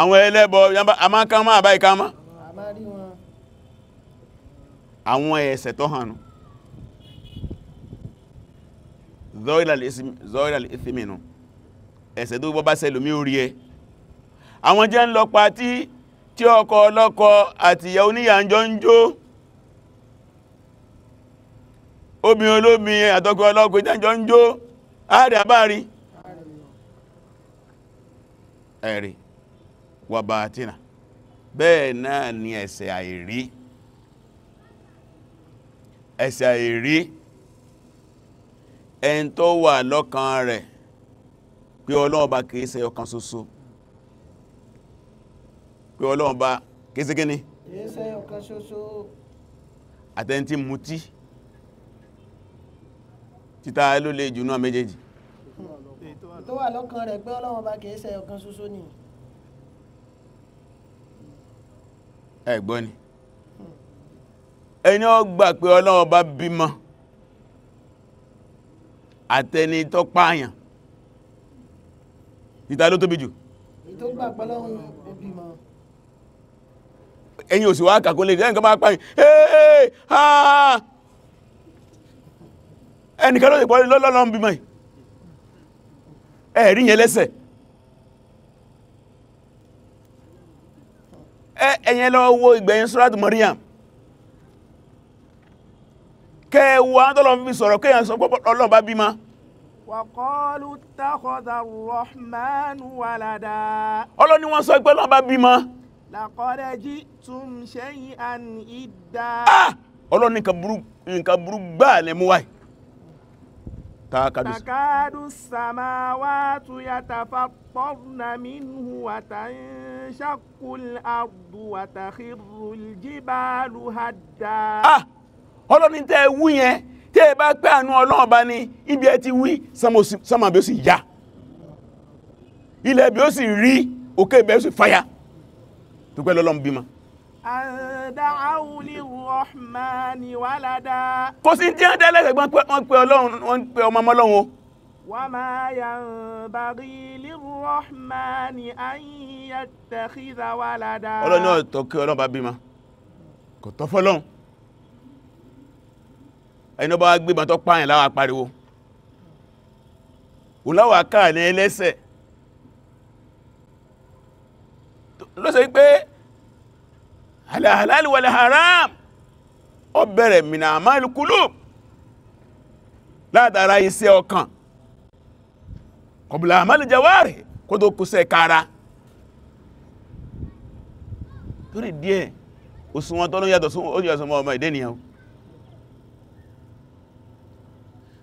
àwọn ẹlẹ́bọ amákámá àbáikámá àwọn ẹ̀ẹ̀sẹ̀ tó hànú zoilal ithiminu ẹ̀sẹ̀ tó gbọ́ bá sẹlùmí orí ẹ àwọn jẹ́ ń lọ patí tí ọkọ ọlọ́kọ àti ìyàwó níyà ń jọ ń jó obìnrin olóbìnrin àtọkọ ọlọ́kọ ìjọ ń jó ààrẹ àbárí ẹ̀rí wàbàtínà bẹ́ẹ̀ náà ni ẹ̀ṣẹ̀ àìrí ẹ̀ṣẹ̀ àìrí ẹn tó wà lọ́kàn rẹ̀ pé ọlọ́ọ̀bá kìí ṣe ọ̀kan ṣoṣo pé ọlọ́ọ̀bá kìí ṣe gíní kìí ṣe ọ̀kan títà ló lè jùnú àméjèèjì tó wà lọ́kàn rẹ̀ pé ọlọ́run ọba kì í ṣe ọ̀kan ṣoṣo ni. ẹ gbọ́ ni ẹni ó gbà pé ọlọ́run ọba bímọ àtẹni tó pààyàn ìta ló tóbi jù tó gbà pé ọlọ́run ó bímọ ẹ̀yin òsì wá kàkó lè jẹ́ nǹkan máa pààyàn ẹnìkan ló lè pọ́lẹ̀ lọ́lọ́run bímọ yìí ẹ̀rí yẹn lẹ́sẹ̀ ẹ̀yẹn lọ wo ìgbẹ̀yìn suratu Maryam kẹwàá tọ́lọ̀ fi sọ̀rọ̀ kẹyàn sọ pọ́pọ́ Ọlọ́run bá bímá wàkọ́lù tàkọ̀dà rọ̀hmánù wàlàdà ni wọ́n sọ تكاد السماوات يتفطرن منه وتنشق الأرض وتخر الجبال هدا. ah ọlọ́ni tẹ́ ẹ wú yẹn tẹ́ ẹ bá pẹ́ àánú ọlọ́run bá ní ibi ẹ ti wí sánmà bí ó sì yá ilẹ̀ bí ó sì rí òkè bí ó sì fàya tó pẹ́ lọ́lọ́run bímọ an da'aw lirrahmani walada. kò sí tí wọ́n tẹ́lẹ̀ ṣẹ̀gbọ́n pé wọ́n pe ọlọ́run wọ́n pe ọmọ ọmọ ọlọ́run o. wa ma yanbaghi lirrahmani an yattakhidha walada. ọlọ́run náà tọ́ kí ọlọ́run bá bímọ kò tọ́ fọlọ́run ẹni ọba gbébọn tó pààyàn láwà pariwo òláwà káà ní ẹlẹ́sẹ̀ lọ́sẹ̀ wípé ala halal wala haram ó bẹ̀rẹ̀ min amal qulub látara iṣẹ́ ọkàn qabla amal jawari kó tó kó sẹ́ kára torí díẹ̀ òsùnwọ́n tọ́nú yàtọ̀ sọmọ ọmọ ìdẹ́niyàn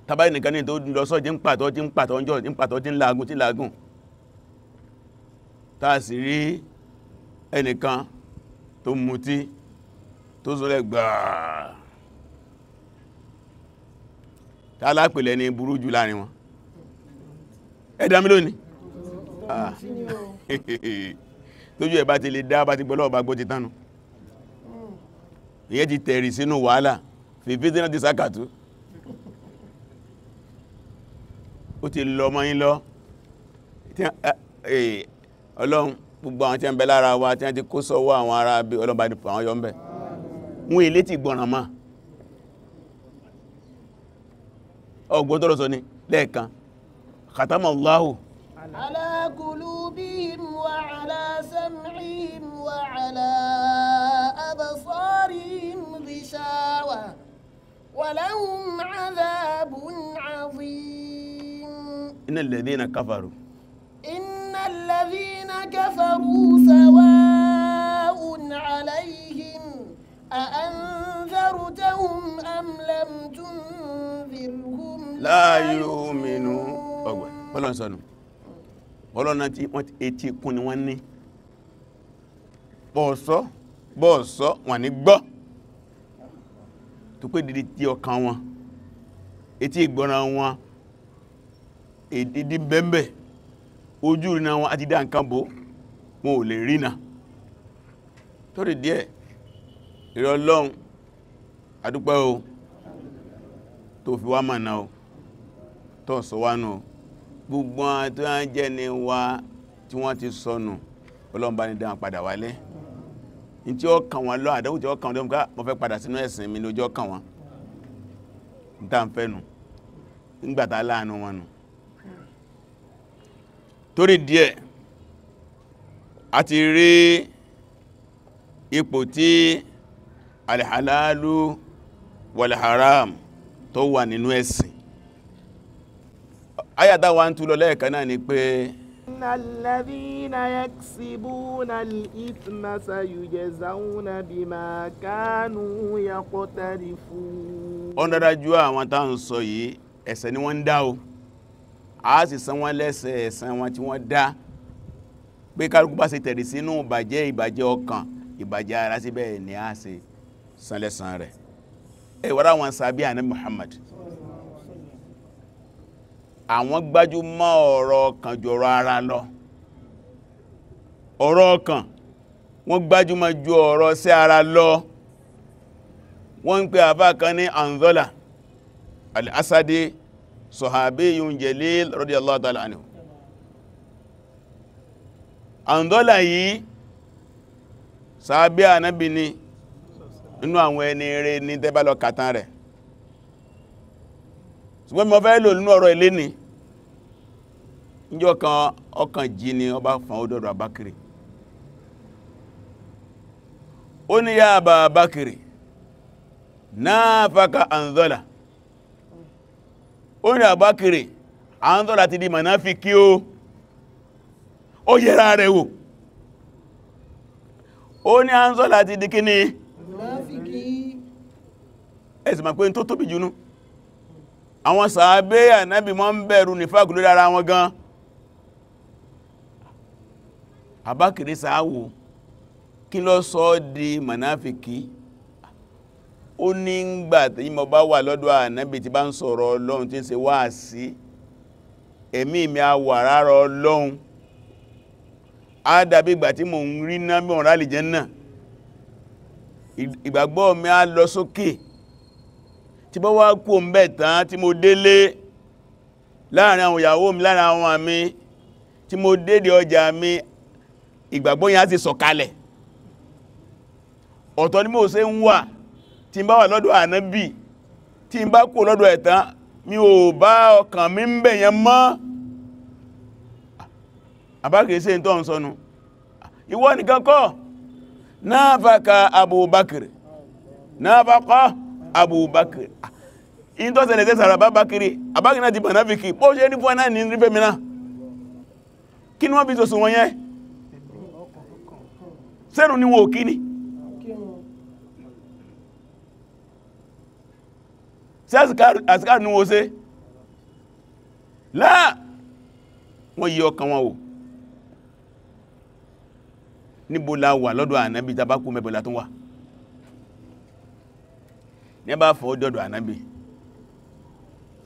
tàbí nìkan ní tó lọ sọ́ jí ń pàtọ́ jí ń pàtọ́ ọjọ́ ẹnìkan tó mutí tó sọ́lẹ̀ gbàá tàlápìlẹ̀ ní burú jù láàrin wọn ẹ̀dà mi lónìí ah. tójú ẹ̀bá ti lè dá bá ti gbọ́lọ́ ọba gbọ́ ti tánu ìyẹ́ ti tẹ̀rì sínú wàhálà fìfí tí náà ti sákàtú ó ti lọ mọ́ yín lọ eh, ọlọ́run gbogbo àwọn tí ń bẹ lára wa tí wọ́n ti kó sọ́wọ́ àwọn ará bí ọlọ́mbà dìpọ̀ àwọn yọ́mbẹ̀ mú ilé ti gbọ́nà máa ọgbọ́n tọ́rọ sọ ni lẹ́ẹ̀kan khatamallahu ala qulubihim wa ala sam'ihim الذين كفروا سواء عليهم أأنذرتهم أم لم تنذرهم لا يؤمنون ọgbẹ̀ bọ́lọ́n sọ́nù bọ́lọ́nà tí wọ́n etí kún ni wọ́n ní bọ́ọ̀sọ́ bọ́ọ̀sọ́ wọ́n ní gbọ́ tó pé dìdí tí ọkàn wọn etí ìgbọ́ràn wọn èdìdí bẹ́m̀bẹ̀ ojú na wọn àti dá nǹkan bò wọn ò lè rí náà torí díẹ̀ ìrẹ Ọlọ́run àdúpẹ́ o tó fi wá mànà o tó sọ wá nù gbogbo àti wọ́n jẹ́ ni wá tí wọ́n ti sọnù Ọlọ́run ní padà wálẹ́ ní tí ó kàn wọ́n lọ àdánwò tí ó kàn wọ́n fẹ́ padà sínú ẹ̀sìn mi lójọ́ kàn torí díẹ̀ a ti rí ipò tí alhàlálù wàlhàrám tó wà nínú ẹ̀sìn ayàtà wa ń tú lọ lẹ́ẹ̀kan náà ni pé الذين يكسبون الإثم سيجزون بما كانوا يقترفون ọ̀nà dájú àwọn tá ń sọ yìí ẹ̀ṣẹ̀ ni wọ́n ń dá a sì san wọ́n lẹ́sẹ̀ ẹ̀san wọn tí wọ́n dá pé kálukú bá ṣe tẹ̀rì sínú ìbàjẹ́ ìbàjẹ́ ọkàn ìbàjẹ́ ara síbẹ̀ ni a ṣe san lẹ́san rẹ̀ ẹ wọ́n ráwọn sàbí àní Muhammad àwọn gbájú mọ́ ọ̀rọ̀ ọkàn ju ọ̀rọ̀ ara lọ ọ̀rọ̀ ọkàn wọ́n gbájú mọ́ ju ọ̀rọ̀ sí ara lọ wọ́n ń pè àbá kan ní anzola al-asadi sahabiyun jalil radiyallahu ta'ala anhu àndọ́là yìí sàábí ànábì ni nínú àwọn ẹni rere ní tẹ́bálọ katan rẹ̀ ṣùgbọ́n mọ́ fẹ́ lò nínú ilé ni níjọ́ kan ọkàn jí ni ọba fún ọdọ́dọ̀ Abakiri. ó faka ó ní àbákìrì à ń tọ́ láti di mọ̀náfi kí ó ó yẹra rẹ̀ wò ó ní à ń tọ́ láti di kíní ẹ̀sì ma pé tó tóbi jùnú àwọn sàábé ànábì mọ́ ń bẹ̀rù ní fàgùlé lára wọn gan àbákìrì sàáwò kí ló sọ di mọ̀náfi kí ó ní ń gbà tí mo bá wà lọ́dọ̀ ànábì tí bá ń sọ̀rọ̀ ọlọ́run tí ń ṣe wáàsí ẹ̀mí mi a wà rárá ọlọ́run á dàbí ìgbà tí mo ń rí náà mí ọ̀rá lè jẹ́nà ìgbàgbọ́ mi á lọ sókè tí bọ́ wá kú ń bẹ̀ tán tí mo délé láàrin àwọn ìyàwó mi láàrin àwọn àmì tí mo dédé ọjà mi ìgbàgbọ́ yẹn á ti sọ̀kalẹ̀ ọ̀tọ̀ ni mo ṣe ń wà tí n bá wà lọ́dọ̀ ànábì tí n bá kò lọ́dọ̀ ẹ̀tán mi ò bá ọkàn mi ń bẹ̀ yẹn mọ́ àbákìíṣẹ́ tó ń sọnù ìwọ nìkan kọ́ náàfàkà abubakiri náàfàkọ́ abubakiri in ni wọ́n fi sọ sùn wọ́n yẹn sẹ́rù ni wọ́n ò kí sí àsìkáàrù ní wọ́n ṣe láà wọ́n yí ọkàn wọn o níbo la wà lọ́dọ̀ ànábì tabakú mẹ́bọ̀lá tó wà ní bá fọ́ dọ̀dọ̀ ànábì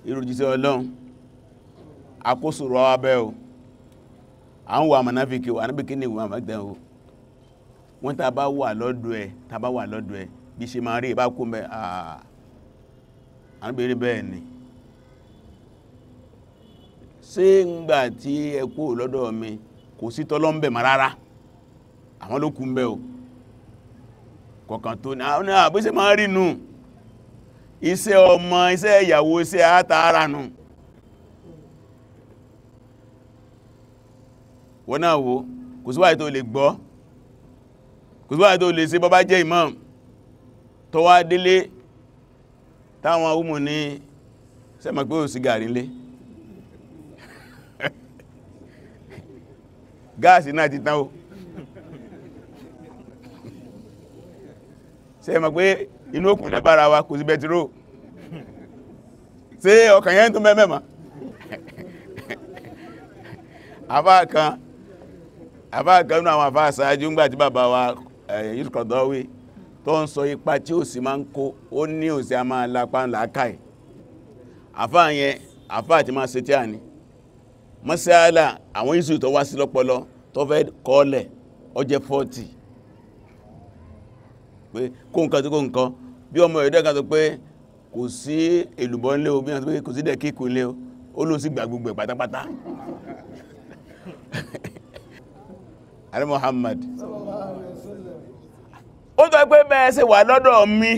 irú jíṣẹ́ ọlọ́run àkóso rọ abẹ́ o a ń wà mọ̀náfíkì o ànábìkí ní ìwọ̀n àmọ́gbẹ̀ o wọ́n tàbá wà lọ́dọ̀ ẹ̀ bí ṣe máa rí ìbá mẹ́ àà àbírí bẹ́ẹ̀ ni ṣé ń gbà tí ẹ kú lọ́dọ̀ mi kò sí tọ́lọ́ ń bẹ̀ mọ́ rárá àwọn ló kú ń bẹ̀ o kọ̀kan tó ní àwọn àbí ṣe máa rí nù iṣẹ́ ọmọ iṣẹ́ ìyàwó iṣẹ́ àtàrà nù wọ́n náà wo kò síwáyé tó lè gbọ́ kò síwáyé tó lè ṣe bàbá jẹ́ imam tó táwọn ọmọ ní sẹ́mọ̀ pé ò sí gàrí lé gáàsì náà ti tán o sẹ́mọ̀ pé inú òkun lẹ́bára wa kò sí bẹtiró tí ọkàn yẹn tó mẹ́mẹ́ ma àbákan àbákan náà àwọn àfáà sáájú ń gbà tí bàbá wa eh, Yusuf Qaradawi tó ń sọ ipa tí ó sì máa ń kó ó ní òsì a máa lápá làákàì àfá yẹn àfá àti máa ṣe tí a ní mọ́síálà àwọn isu tó wá sí lọ́pọlọ tó fẹ́ kọ́ọ̀lẹ̀ 40 pé kó nǹkan tó kó nǹkan bí ọmọ kan tó pé kò sí èlùbọ́ o bí kò sí dẹ̀kíkù ńlé o ó ló sì ó tọ́ pé bẹ́ẹ̀ ṣe wà lọ́dọ̀ mi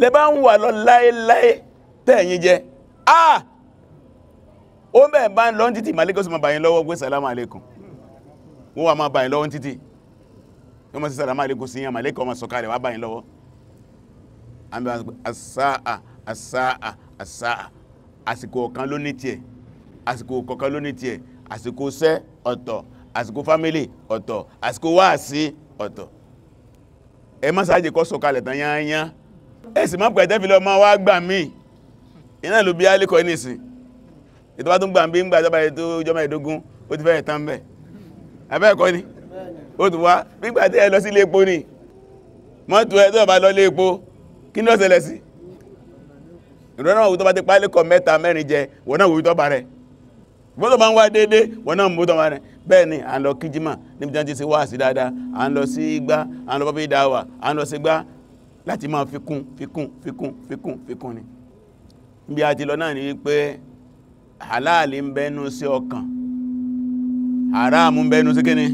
lẹ bá ń wà lọ láéláé tẹ̀yìn jẹ ah ó bẹ̀ bá ń lọ títì malikos ma bàyìn lọ́wọ́ pé salamu alaikum wọ́n wà ma bàyìn lọ́wọ́ títì wọ́n ma sí salamu alaikum sí yàn malikos ma sọ̀kalẹ̀ wà bàyìn lọ́wọ́ asáà asáà asáà àsìkò ọ̀kan ló ní tiẹ̀ àsìkò kọ̀kan ọ̀tọ̀ àsìkò wáàsí ọ̀tọ̀ ẹ má sáájì kọ́ sọ̀kalẹ̀ tán yányán ẹ sì má pẹ̀tẹ́ fi lọ máa wá gbà mí iná ló bí alẹ́kọ̀ọ́ nìsìn ìtọ́bá tó gbà ń bí ń gbà jọba ètò ìjọba ìdógún ó ti fẹ́ ìtàn bẹ̀ abẹ́ẹ̀kọ́ ni ó ti wá gbígbà tí ẹ lọ sí ilé epo ni mọ́tò ẹ tó bá lọ ilé epo kí ní ó ṣẹlẹ̀ sí ìrọ̀nà òwú tó bá ti pálẹ́kọ̀ọ́ mẹ́ta mẹ́rin jẹ bẹ́ẹ̀ ni à ń lọ kíjímà níbi jẹ́ ti wá sí dáadáa à ń lọ sí igbá à ń lọ bọ́bí dáwà à ń lọ sí igbá láti máa fikún fikún fikún fikún fikún ni bí a ti lọ náà ni wípé halal ń bẹnu sí ọkàn haram ń bẹnu sí kíni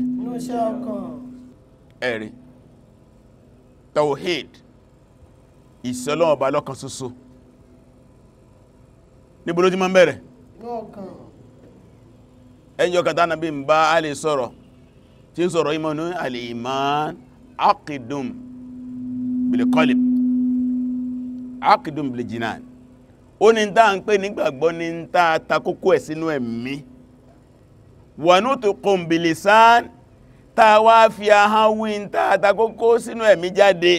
ẹ̀rí tawhid ìsọ́lọ́ọ̀bá lọ́kan ṣoṣo níbo ló ti máa ń bẹ̀rẹ̀ lọ́kàn ẹjọ́ kata nàbí ń bá alì sọ̀rọ̀ tí ń sọ̀rọ̀ ìmọ̀ ní alìmán akidun bilikọlib akidun bilijinan ó ní ta ń pè nígbàgbọ́ ní ta takókó ẹ̀ sínú ẹ̀mí wà tó kùn bilisan ta wá fi ahánwí ta takókó sínú ẹ̀mí jáde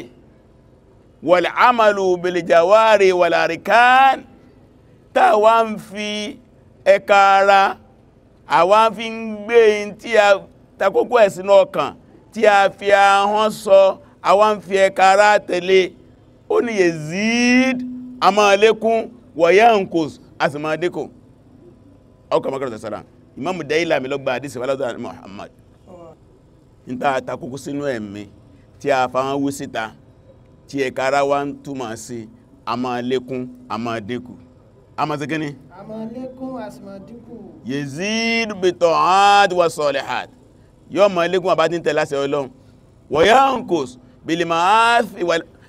wàlì amalu bilijawari wàlì àríkán ta wá ń fi ẹka ara àwa fi ń gbé in tí a takókò ẹ̀ sínú ọkàn tí a fi ahọ́n sọ àwa ń fi ẹka ara tẹ̀lé ó ní yezid a máa lékún wayankos a sì máa dínkù ọkọ̀ makarar sára imamu daila mi lọ́gbà àdísì wálọ́dọ̀ Muhammad ń ta takókò sínú ẹ̀mí tí a fa wọ́n wú síta tí ẹka ara wa ń túmọ̀ sí a máa lékún a máa dínkù a ma ṣe kíni a ma lékún àsìmọ̀dínkù yezid bitọ̀ hàt wa sọ̀lẹ̀ hàt yóò ma lékún àbá ní tẹ̀lá sẹ́ ọlọ́run wọ̀yáǹkòs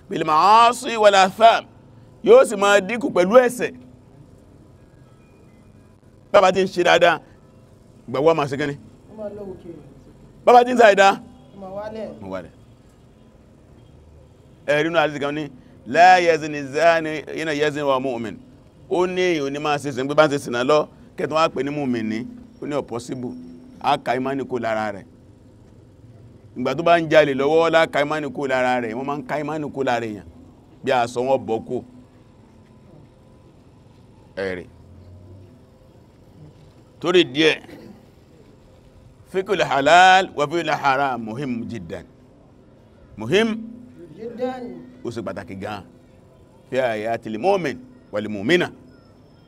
bilimahasi wàláfàm yóò sì ma dínkù pẹ̀lú ẹ̀ṣẹ̀ bàbá tí ń ṣe dáadáa gbàwọ́ ma ṣe kíni bàbá tí ń ṣàìdá ẹ̀rínú àti ìgbà ní láyẹ̀zìn ìzáni yẹ́zìn wa mu'min ó ní èyàn ò ní máa ṣe sìn pé bá ń ṣe sìnà lọ kẹtàn wá pè ní mùmínì ó ní ọ̀pọ̀síbù áka imani kó lára rẹ̀ ìgbà tó bá ń jalè lọ́wọ́ láka imani kó lára rẹ̀ wọ́n máa ń ká imani lára èyàn bí a sọ wọ́n bọ́ kó ẹ̀rẹ̀ torí díẹ̀ fíkùlù halal wà fíkùlù haram muhim jiddan muhim jiddan ó ṣe pàtàkì gan fi àyà wàlìmùmínà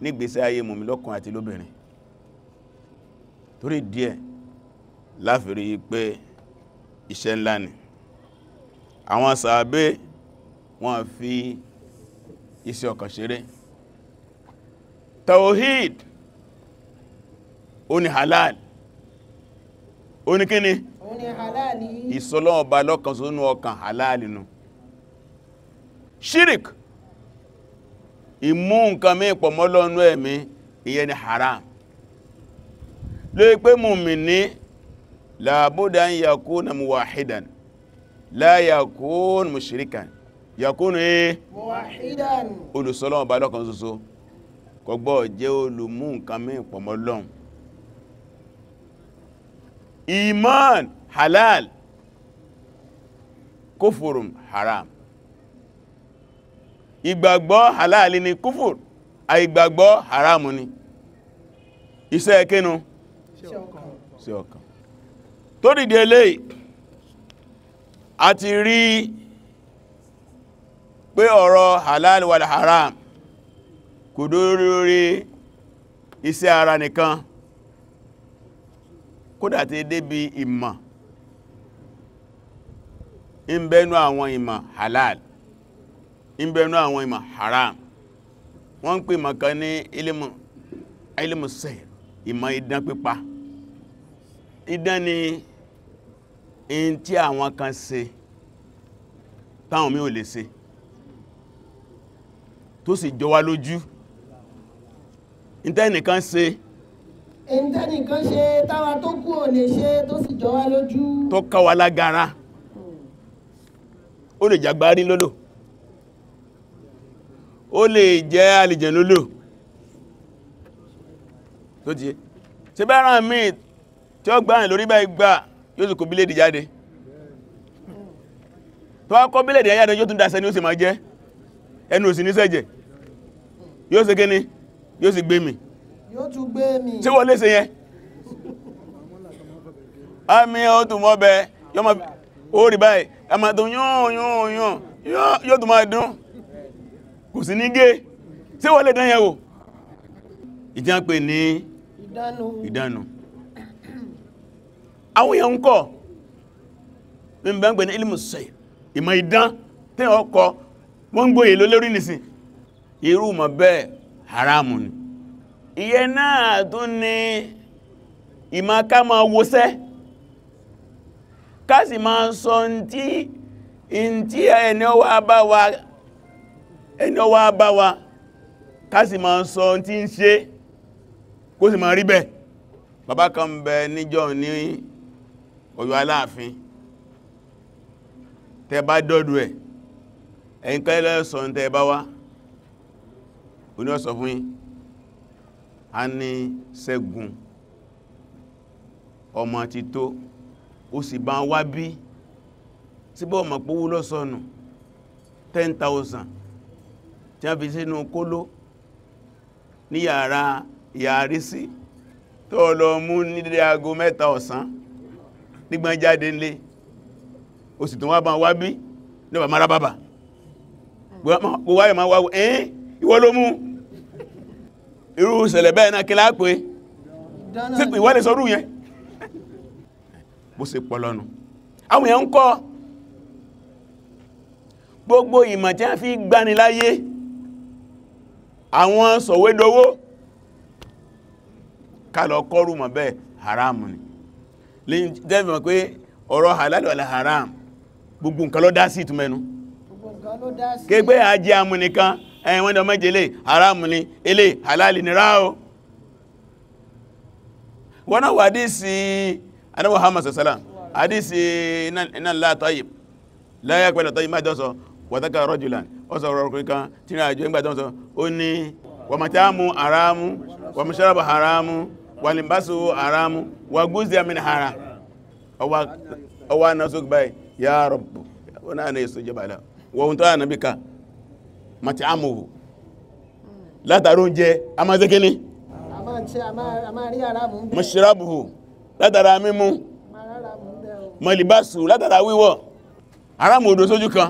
nígbèsí ayé mùmí lọ́kùn àti lóbìnrin torí díẹ̀ láfìrí pé iṣẹ́ ńlá ni àwọn sàábé wọ́n fi iṣẹ́ ọkàn ṣeré tawhid ó ní halal ó ní kíni ó ní ọkàn halal nù shirik ìmú nǹkan mí pọ̀mọ́ lọ́nú ẹ̀mí ìyẹn ni haram lórí pé mùmínì làbúdá ń yakuna muwahidan la yakun mushrikan yakunu ẹ́ e? muwahidan olùsọ́lọ́wọ́ bá lọ́kan ṣoṣo kò gbọ́ jẹ́ olùmú nǹkan mí pọ̀mọ́ lọ́n iman halal kufurun haram ìgbàgbọ́ halal ni kúfùr àìgbàgbọ́ haramu ni iṣẹ́ ẹkẹnu sí ọkàn tó dìde eléyìí a ti rí pé ọ̀rọ̀ halal wal haram kò dórí iṣẹ́ ara nìkan kódà ti débi ìmọ̀ ń àwọn ìmọ̀ halal ń bẹnu àwọn ìmọ̀ haram wọ́n ń pè màkà ní ilmu sẹ́yìn ìmọ̀ idán pípa idán ni in tí àwọn kan ṣe táwọn mí ò lè ṣe tó sì jọ wá lójú ìtẹ́nìkan ṣe ìtẹ́nìkan ṣe táwa tó kú ò lè ṣe tó sì jọ wá lójú tó káwa lágara ó lè jàgbárí lólò ó lè jẹ́ alìjẹ̀ lólò tó jíye tí bá rán mí tí ó gbáyìn lórí bá igbá yóò sì kó bíléèdì jáde tó wá kọ́ bíléèdì jáde yóò tún dáṣẹ́ ni ó sì máa jẹ́ ẹnu òsì ní sẹ́jẹ̀ yóò sì kíni yóò sì gbé mi tí wọ́n lè ṣe yẹn a mi ó tún mọ́ bẹ yóò rí báyìí kò sí ní gé tí wọ́n lè dán yẹn wò ìdán ní ìdánù àwọn èèyàn ń kọ́ ní bá ń pè ní ilmùsẹ̀ ìmọ̀ ìdán tí wọ́n kọ wọ́n ń gbóyè lórí nìsìn irú mọ̀ bẹ́ẹ̀ haramu ni iye náà tún ní ìmọ̀ ká wọ́sẹ́ ká sì máa sọ ní tí ẹni ọwọ́ abáwa ẹni ọwá bá wa ká sì máa sọ tí ń ṣe kó sì máa rí bẹ̀ bàbá kan ń bẹ níjọ́ ní Ọ̀yọ́ Aláàfin tẹ bá dọ́dù ẹ̀ ẹ̀yìn kan sọ tẹ bá wá oní ọ̀sọ̀ fún yín a ní Ṣẹ́gun ọmọ ti tó ó sì bá wá bí síbọ̀ ọmọ pówó lọ́sọ̀nù 10,000 tí a fi sínú kóló ní yàrá yàrí sí tó lọ mú ní dédé aago mẹ́ta ọ̀sán nígbọ́n jáde nílé o sì tún wá bá wá bí lọ́bà mara bàbà gbogbo wáyé ma wáwọ́ ẹ́yìn ìwọ ló mú irú ìṣẹ̀lẹ̀ bẹ́ẹ̀ náà kí láàpé sí ìwọ́ lè sọrú yẹn bó ṣe pọ̀ lọ́nu àwọn èèyàn ń kọ́ gbogbo ìmọ̀ tí a fi gbaniláyé àwọn sọ̀wédowó kálọ kọrù mọ̀ bẹ́ẹ̀ haram ni lè dẹ́bẹ̀ pé ọ̀rọ̀ halal wala haram gbogbo nǹkan ló dá sí ìtumẹ̀nu kégbé ajé amúnikan ẹ̀wọ́n dọ mẹ́jẹ lè haram ni ilé halal ni ráò wọ́n náà wà hadisi anáwọ̀ Muhammad sallam hadisi iná látọ́yìb láyé pẹ̀lú tọ́yìb máa jọ́sọ wa dhakara rajulan ó sọ ọ̀rọ̀ ọkùnrin kan tí ní àjọ ìgbà tó ń sọ ó ní wàmàtàmù haramu wàmàṣàràbà haramu wàlìmbásù haramu wàgúzì àmìnà hara ọwà náà sókè báyìí ya rọ̀bù ó náà ní èso jẹbàlá wọ́n tó ànàbí ka màtàmù látàrí oúnjẹ a máa zẹ́kẹ́ ní mọ̀ṣẹ́ràbù látàrí kan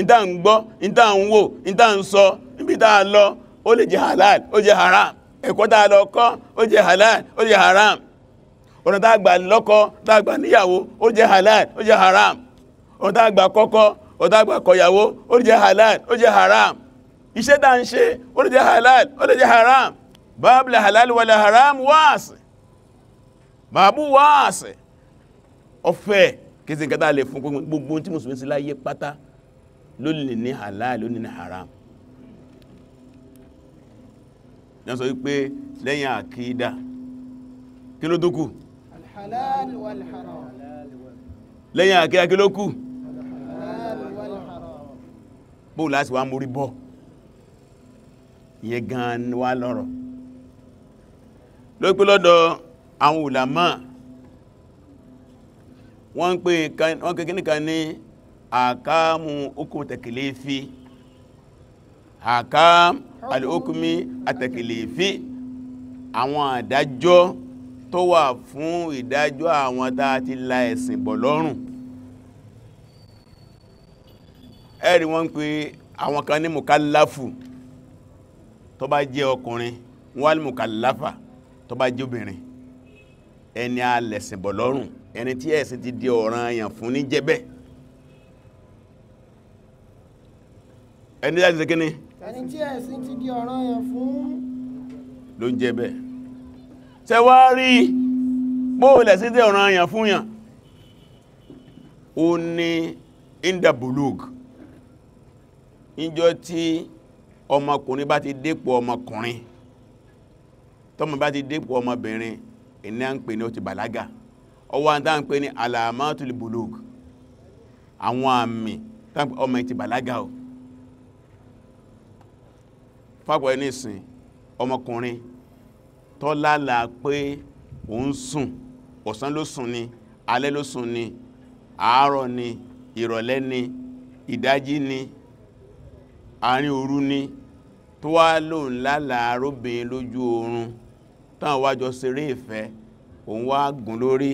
ìta ń gbọ́ ìta ń wò ìta ń sọ níbi tá lọ ó lè jẹ́ halal ó jẹ́ haram ẹ̀kọ́ tá a lọ kọ́ ó jẹ́ halal ó jẹ́ haram ọ̀nà tá a gbà lọ́kọ tá a gbà níyàwó ó jẹ́ halal ó jẹ́ haram ọ̀nà tá a gbà kọ́kọ ọ̀nà tá a gbà kọ̀yàwó ó jẹ́ halal ó jẹ́ haram iṣẹ́ tá ń ṣe ó lè jẹ́ halal ó lè jẹ́ haram báàbù la halal wà la haram wáàsì báàbù wáàsì ọ̀fẹ́ kìí sí nǹkan tá a lè fún gbogbo tí mùsùlùmí sí ló lè ní halal ló ní haram ní sọ wípé lẹ́yìn àkídà kí ló tó kù al-halal lẹ́yìn àkídà kí ló kù al láti wá múrí bọ́ ìyẹn gan wá lọ́rọ̀ ló pé lọ́dọ̀ àwọn ulama wọ́n pè kíníkan ní akamu hukumu takilifi akam alhukumi atakilifi àwọn àdájọ́ tó wà fún ìdájọ́ àwọn tá ti la ẹ̀sìn bọ̀ lọ́rùn ẹ̀rí wọ́n ń pè àwọn kan ní mukallafu tó bá jẹ́ ọkùnrin wal mukallafa tó bá jẹ́ obìnrin ẹni a bọ̀ lọ́rùn ẹni tí ẹ̀sìn ti di ọ̀ranyàn fún ní jẹ́bẹ̀ẹ́ ẹni láti ṣekí ní ẹni tí ẹ̀sìn ti di ọ̀ràn yàn fún ló ń jẹ bẹ́ẹ̀ tẹ wá rí bóòlẹ̀ sí tẹ ọ̀ràn yàn fún yàn ó ní indabulug níjọ́ tí ọmọkùnrin bá ti dépò ọmọkùnrin tọ́mọ bá ti dépò ọmọbìnrin ìní à ń pè ní ó ti bàlágà ọwọ́ àtà ń pè ní alamatul bulug àwọn àmì ọmọ ìtì bàlágà o fàpọ̀ ẹni ìsìn ọmọkùnrin tó lálà pé òun sùn ọ̀sán ló sùn ni alẹ́ ló sùn ni àárọ̀ ni ìrọ̀lẹ́ ni ìdájí ni àárín ni tó wá lóun lálà róbìn lójú oorun tán wájọ ṣeré ìfẹ́ òun wá gùn lórí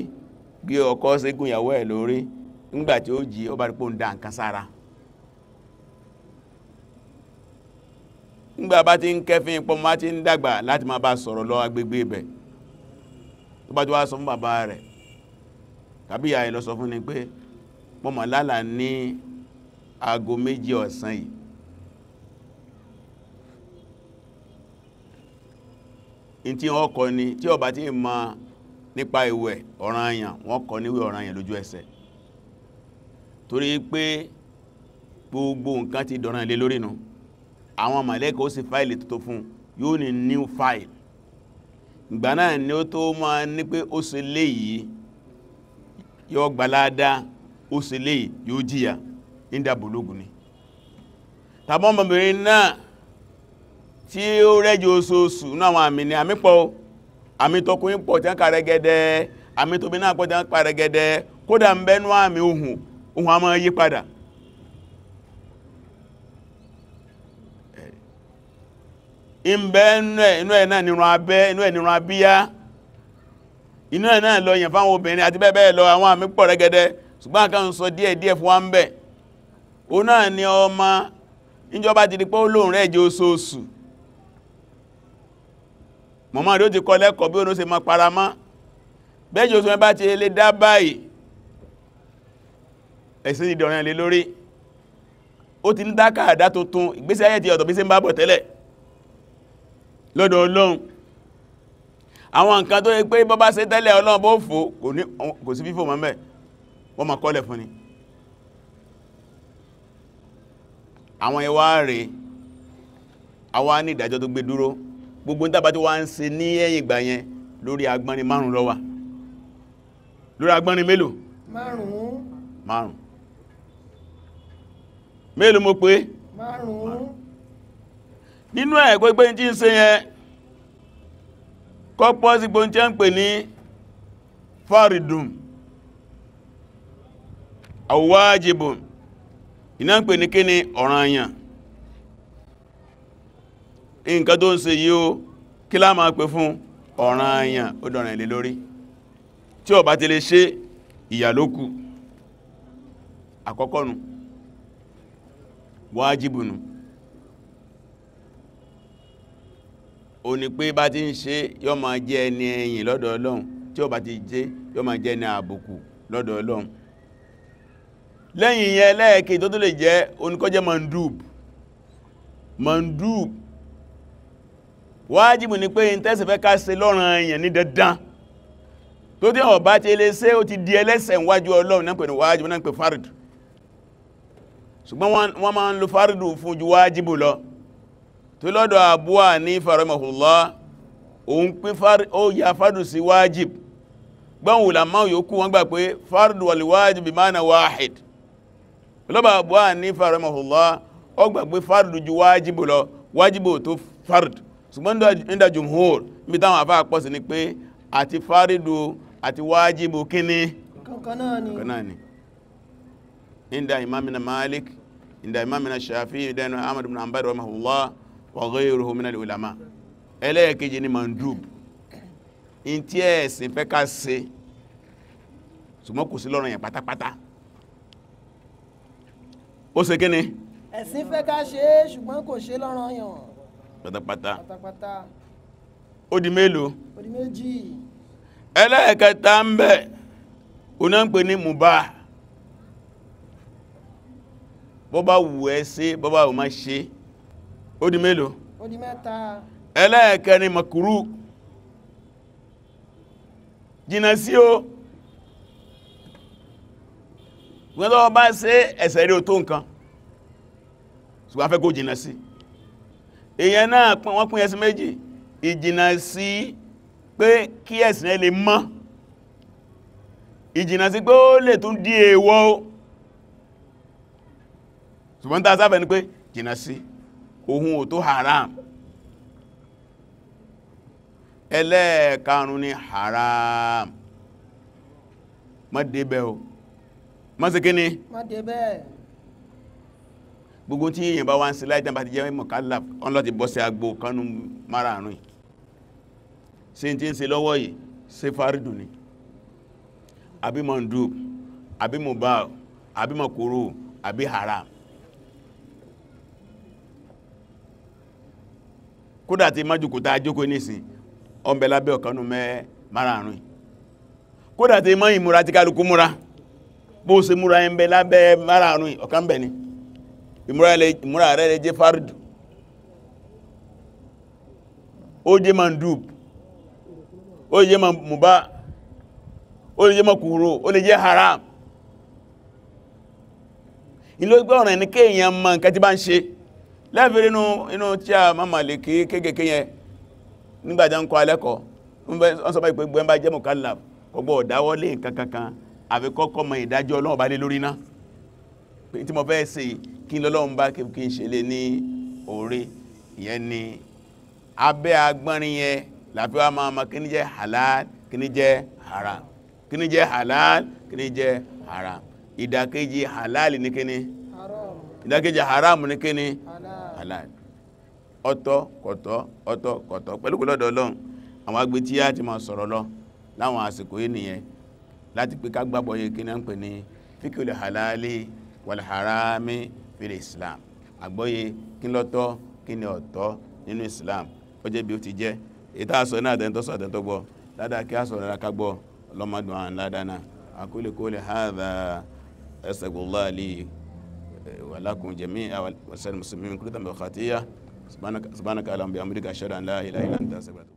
gé ọkọ ẹ̀ lórí nígbàtí ó jí ó bá rí ngbe bá ti ń kẹfin ipo ma ti n dagba lati ma ba soro lọ agbegbe ibe to bá tó wá sọ fún bàbá rẹ̀ tàbí ìyá ìlọ sọ fún ni pé mo mọ̀ lálà ní aago méjì ọ̀sán yi. in ti wọ́n kọ ni tí ọba ti ma nípa ìwẹ̀ ọ̀ranyàn wọ́n kọ níwẹ̀ ọ̀ranyàn loju ese tori pe gbogbo nka ti dọ̀ràn ile lori nu no àwọn màlẹ́kà ó sì fáìlì tó fún yóò ní new file ìgbà ni ó tó ma ní pé ó lè léyìí yóò gbalada ó ṣe lè yóò jìyà ni tàbí ọmọbìnrin náà tí ó rẹ́jọ oṣooṣù náà àwọn àmì ni àmì pọ̀ àmì tọkùnrin pọ̀ tí wọ́n kà rẹ́gẹ́dẹ́ àmì tóbi náà pọ̀ tí wọ́n a máa yí padà ìbẹ́ inú ẹ̀ náà nìran abẹ́ inú ẹ̀ nìran abíyá inú ẹ̀ náà lọ yẹn fáwọn obìnrin àti bẹ́ẹ̀ bẹ́ẹ̀ lọ àwọn àmì pọ̀ rẹ́gẹ́dẹ́ ṣùgbọ́n kan sọ díẹ̀ díẹ̀ fún wa ń bẹ̀ o náà ni ọmọ ìjọba ti di pé ó lóun rẹ̀ jẹ́ oṣooṣù mọ̀mọ́ rí ó ti kọ lẹ́kọ̀ọ́ bí ó ṣe máa para mọ́ bẹ́ẹ̀jì oṣù lọ́dọ̀ ọlọ́run àwọn nǹkan tó yẹ pé bọ́bá ṣe tẹ́lẹ̀ ọlọ́run bó fò kò sí fífò mọ́ mẹ́ wọ́n ma kọ́lẹ̀ fún ni àwọn ẹwà rẹ̀ àwa ní ìdájọ́ tó gbé dúró gbogbo tàbá tí wá ń ṣe ní ẹ̀yìn ìgbà yẹn lórí agbọ́nrin márùn ló lórí agbọ́nrin mélòó márùn márùn mélòó mo pé márùn nínú ẹ̀ gbogbo tí ń ṣe yẹn kọ́pọ̀ sí gbogbo tí ń pè ní faridun awajibun iná ń pè ní kíni ọ̀ranyàn nǹkan tó ń ṣe yìí kí lá máa pè fún ọ̀ranyàn ó dọ̀rìn lè lórí tí ó bá ti lè ṣe ìyàlókù àkọ́kọ́ nù ó ní pé bá ti ń ṣe yóò máa je ẹni ẹ̀yìn lodo Ọlọ́run tí ó bá ti jẹ́ yóò máa jẹ́ ẹni àbùkù lọ́dọ̀ Ọlọ́run lẹ́yìn yẹn lẹ́ẹ̀kì tó tó lè jẹ́ oníkọ́jẹ́ mandub mandub wájìbù ní pé in tẹ́sì fẹ́ ká ṣe lọ́rùn èèyàn ní dandan tó tí ó bá ti lè ṣe ó ti di ẹlẹ́ṣẹ̀ níwájú Ọlọ́run náà pè ní wájìbù náà pè fáridù ṣùgbọ́n wọ́n máa ń lo fáridù fún ju wájìbù lọ tó lọ́dọ̀ Abu Hanifa rahimahullah òun pín ó yà fardu sí wájib gbọ́nwò làmá yòókù wọ́n gbà pé fardu wal wájib bimana wahid lọ́bà Abu Hanifa rahimahullah ó gbà pé fardu ju wájib lọ wájib tó fardu ṣùgbọ́n ìdá jùmhur ibi táwọn àfá pọ̀ sí ni pé àti fardu àti wájib kíní kanáà ni ìdá imamina malik ìdá imamina shafi ìdá imamina ahmad ibn hanbal wa homina minal ulama ẹlẹ́ẹ̀kejì ni mandub in tí ẹ̀sìn fẹ́ ká ṣe ṣùgbọ́n kò sí lọ́rọ̀ yẹn pátápátá ó ṣe kí ni ẹ̀sìn fẹ́ ká ṣe ṣùgbọ́n kò ṣe lọ́rọ̀ yẹn pátápátá ó di bọ́bá wù ẹ́ ṣe bọ́bá wù má ṣe ó di mélòó ó di mẹ́ta ẹlẹ́ẹ̀kẹrin makuru jìnà sí o gbọ́nà bá ṣe ẹ̀sẹ̀ rí o tó nǹkan ṣùgbọ́n afẹ́ kó jìnà sí èyàn náà wọ́n pín ẹ̀sìn méjì ìjìnà sí pé kí ẹ̀sìn ẹ lè mọ́ ìjìnà sí pé ó lè tún di èèwọ̀ ṣùgbọ́n tàà sáfẹ́ ni pé jìnà sí si ohun ò tó haram ẹlẹ́ẹ̀karùn ni haram má débẹ̀ o má ṣe kíní má débẹ̀ gbogbo tí èyàn bá wá ń sí láìtàn bá ti jẹ́ mọ̀kálà ọlọ́ ti bọ́ sí agbó kanú márààrùn ṣe tí ń ṣe lọ́wọ́ yìí ṣe fárídù ni àbí mọ̀ndú àbí mọ̀bá àbí mọ̀kúrú àbí haram kódà tí májùkú tàà jókó nísìn ọmọ lábẹ́ ọ̀kanú mẹ́ márààrùn kódà tí mọ́ ìmúra tí kálukú múra bó ṣe múra ẹmbẹ lábẹ́ márààrùn ọ̀kan bẹ̀ ìmúra rẹ̀ lè jẹ́ fardù ó jẹ́ mandub ó jẹ́ mùbá ó jẹ́ makuro ó lè jẹ́ haram ìlú ìgbẹ́ ọ̀rọ̀ ẹni kéèyàn lẹ́fẹ̀ẹ́ inú inú tí a máa ma lè kéèkéèké yẹn nígbàjá ń kọ alẹ́kọ̀ọ́ wọ́n sọ bá ìpé gbẹ́ bá jẹ́ mukallaf gbogbo ọ̀dáwọ́lé kankankan àfikọ́kọ́ mọ ìdájọ́ Ọlọ́run bá lé lórí náà tí mo fẹ́ ṣe kí lọ́lọ́run bá ma kí ní jẹ́ halal kí ní haram kí ní jẹ́ halal kí ní haram ìdàkejì halal haram ní kíní halal ọ̀tọ̀ kọ̀tọ̀ ọ̀tọ̀ kọ̀tọ̀ pẹ̀lú pẹ̀lọ́dọ̀ ọlọ́run àwọn agbé tí a ti máa sọ̀rọ̀ lọ láwọn àsìkò yìí lati láti pé ká gbàgbọ́ yìí kí náà ń pè halali fílì islam àgbọ́yé kí lọ́tọ̀ kí ni islam ó jẹ́ bí ó ti jẹ́ ìta sọ náà ládá kí a lára ولكم جميعا وسائر المسلمين من كل ذنب وخطيئه سبحانك سبحانك اللهم بامرك اشهد ان لا اله الا انت سبحانك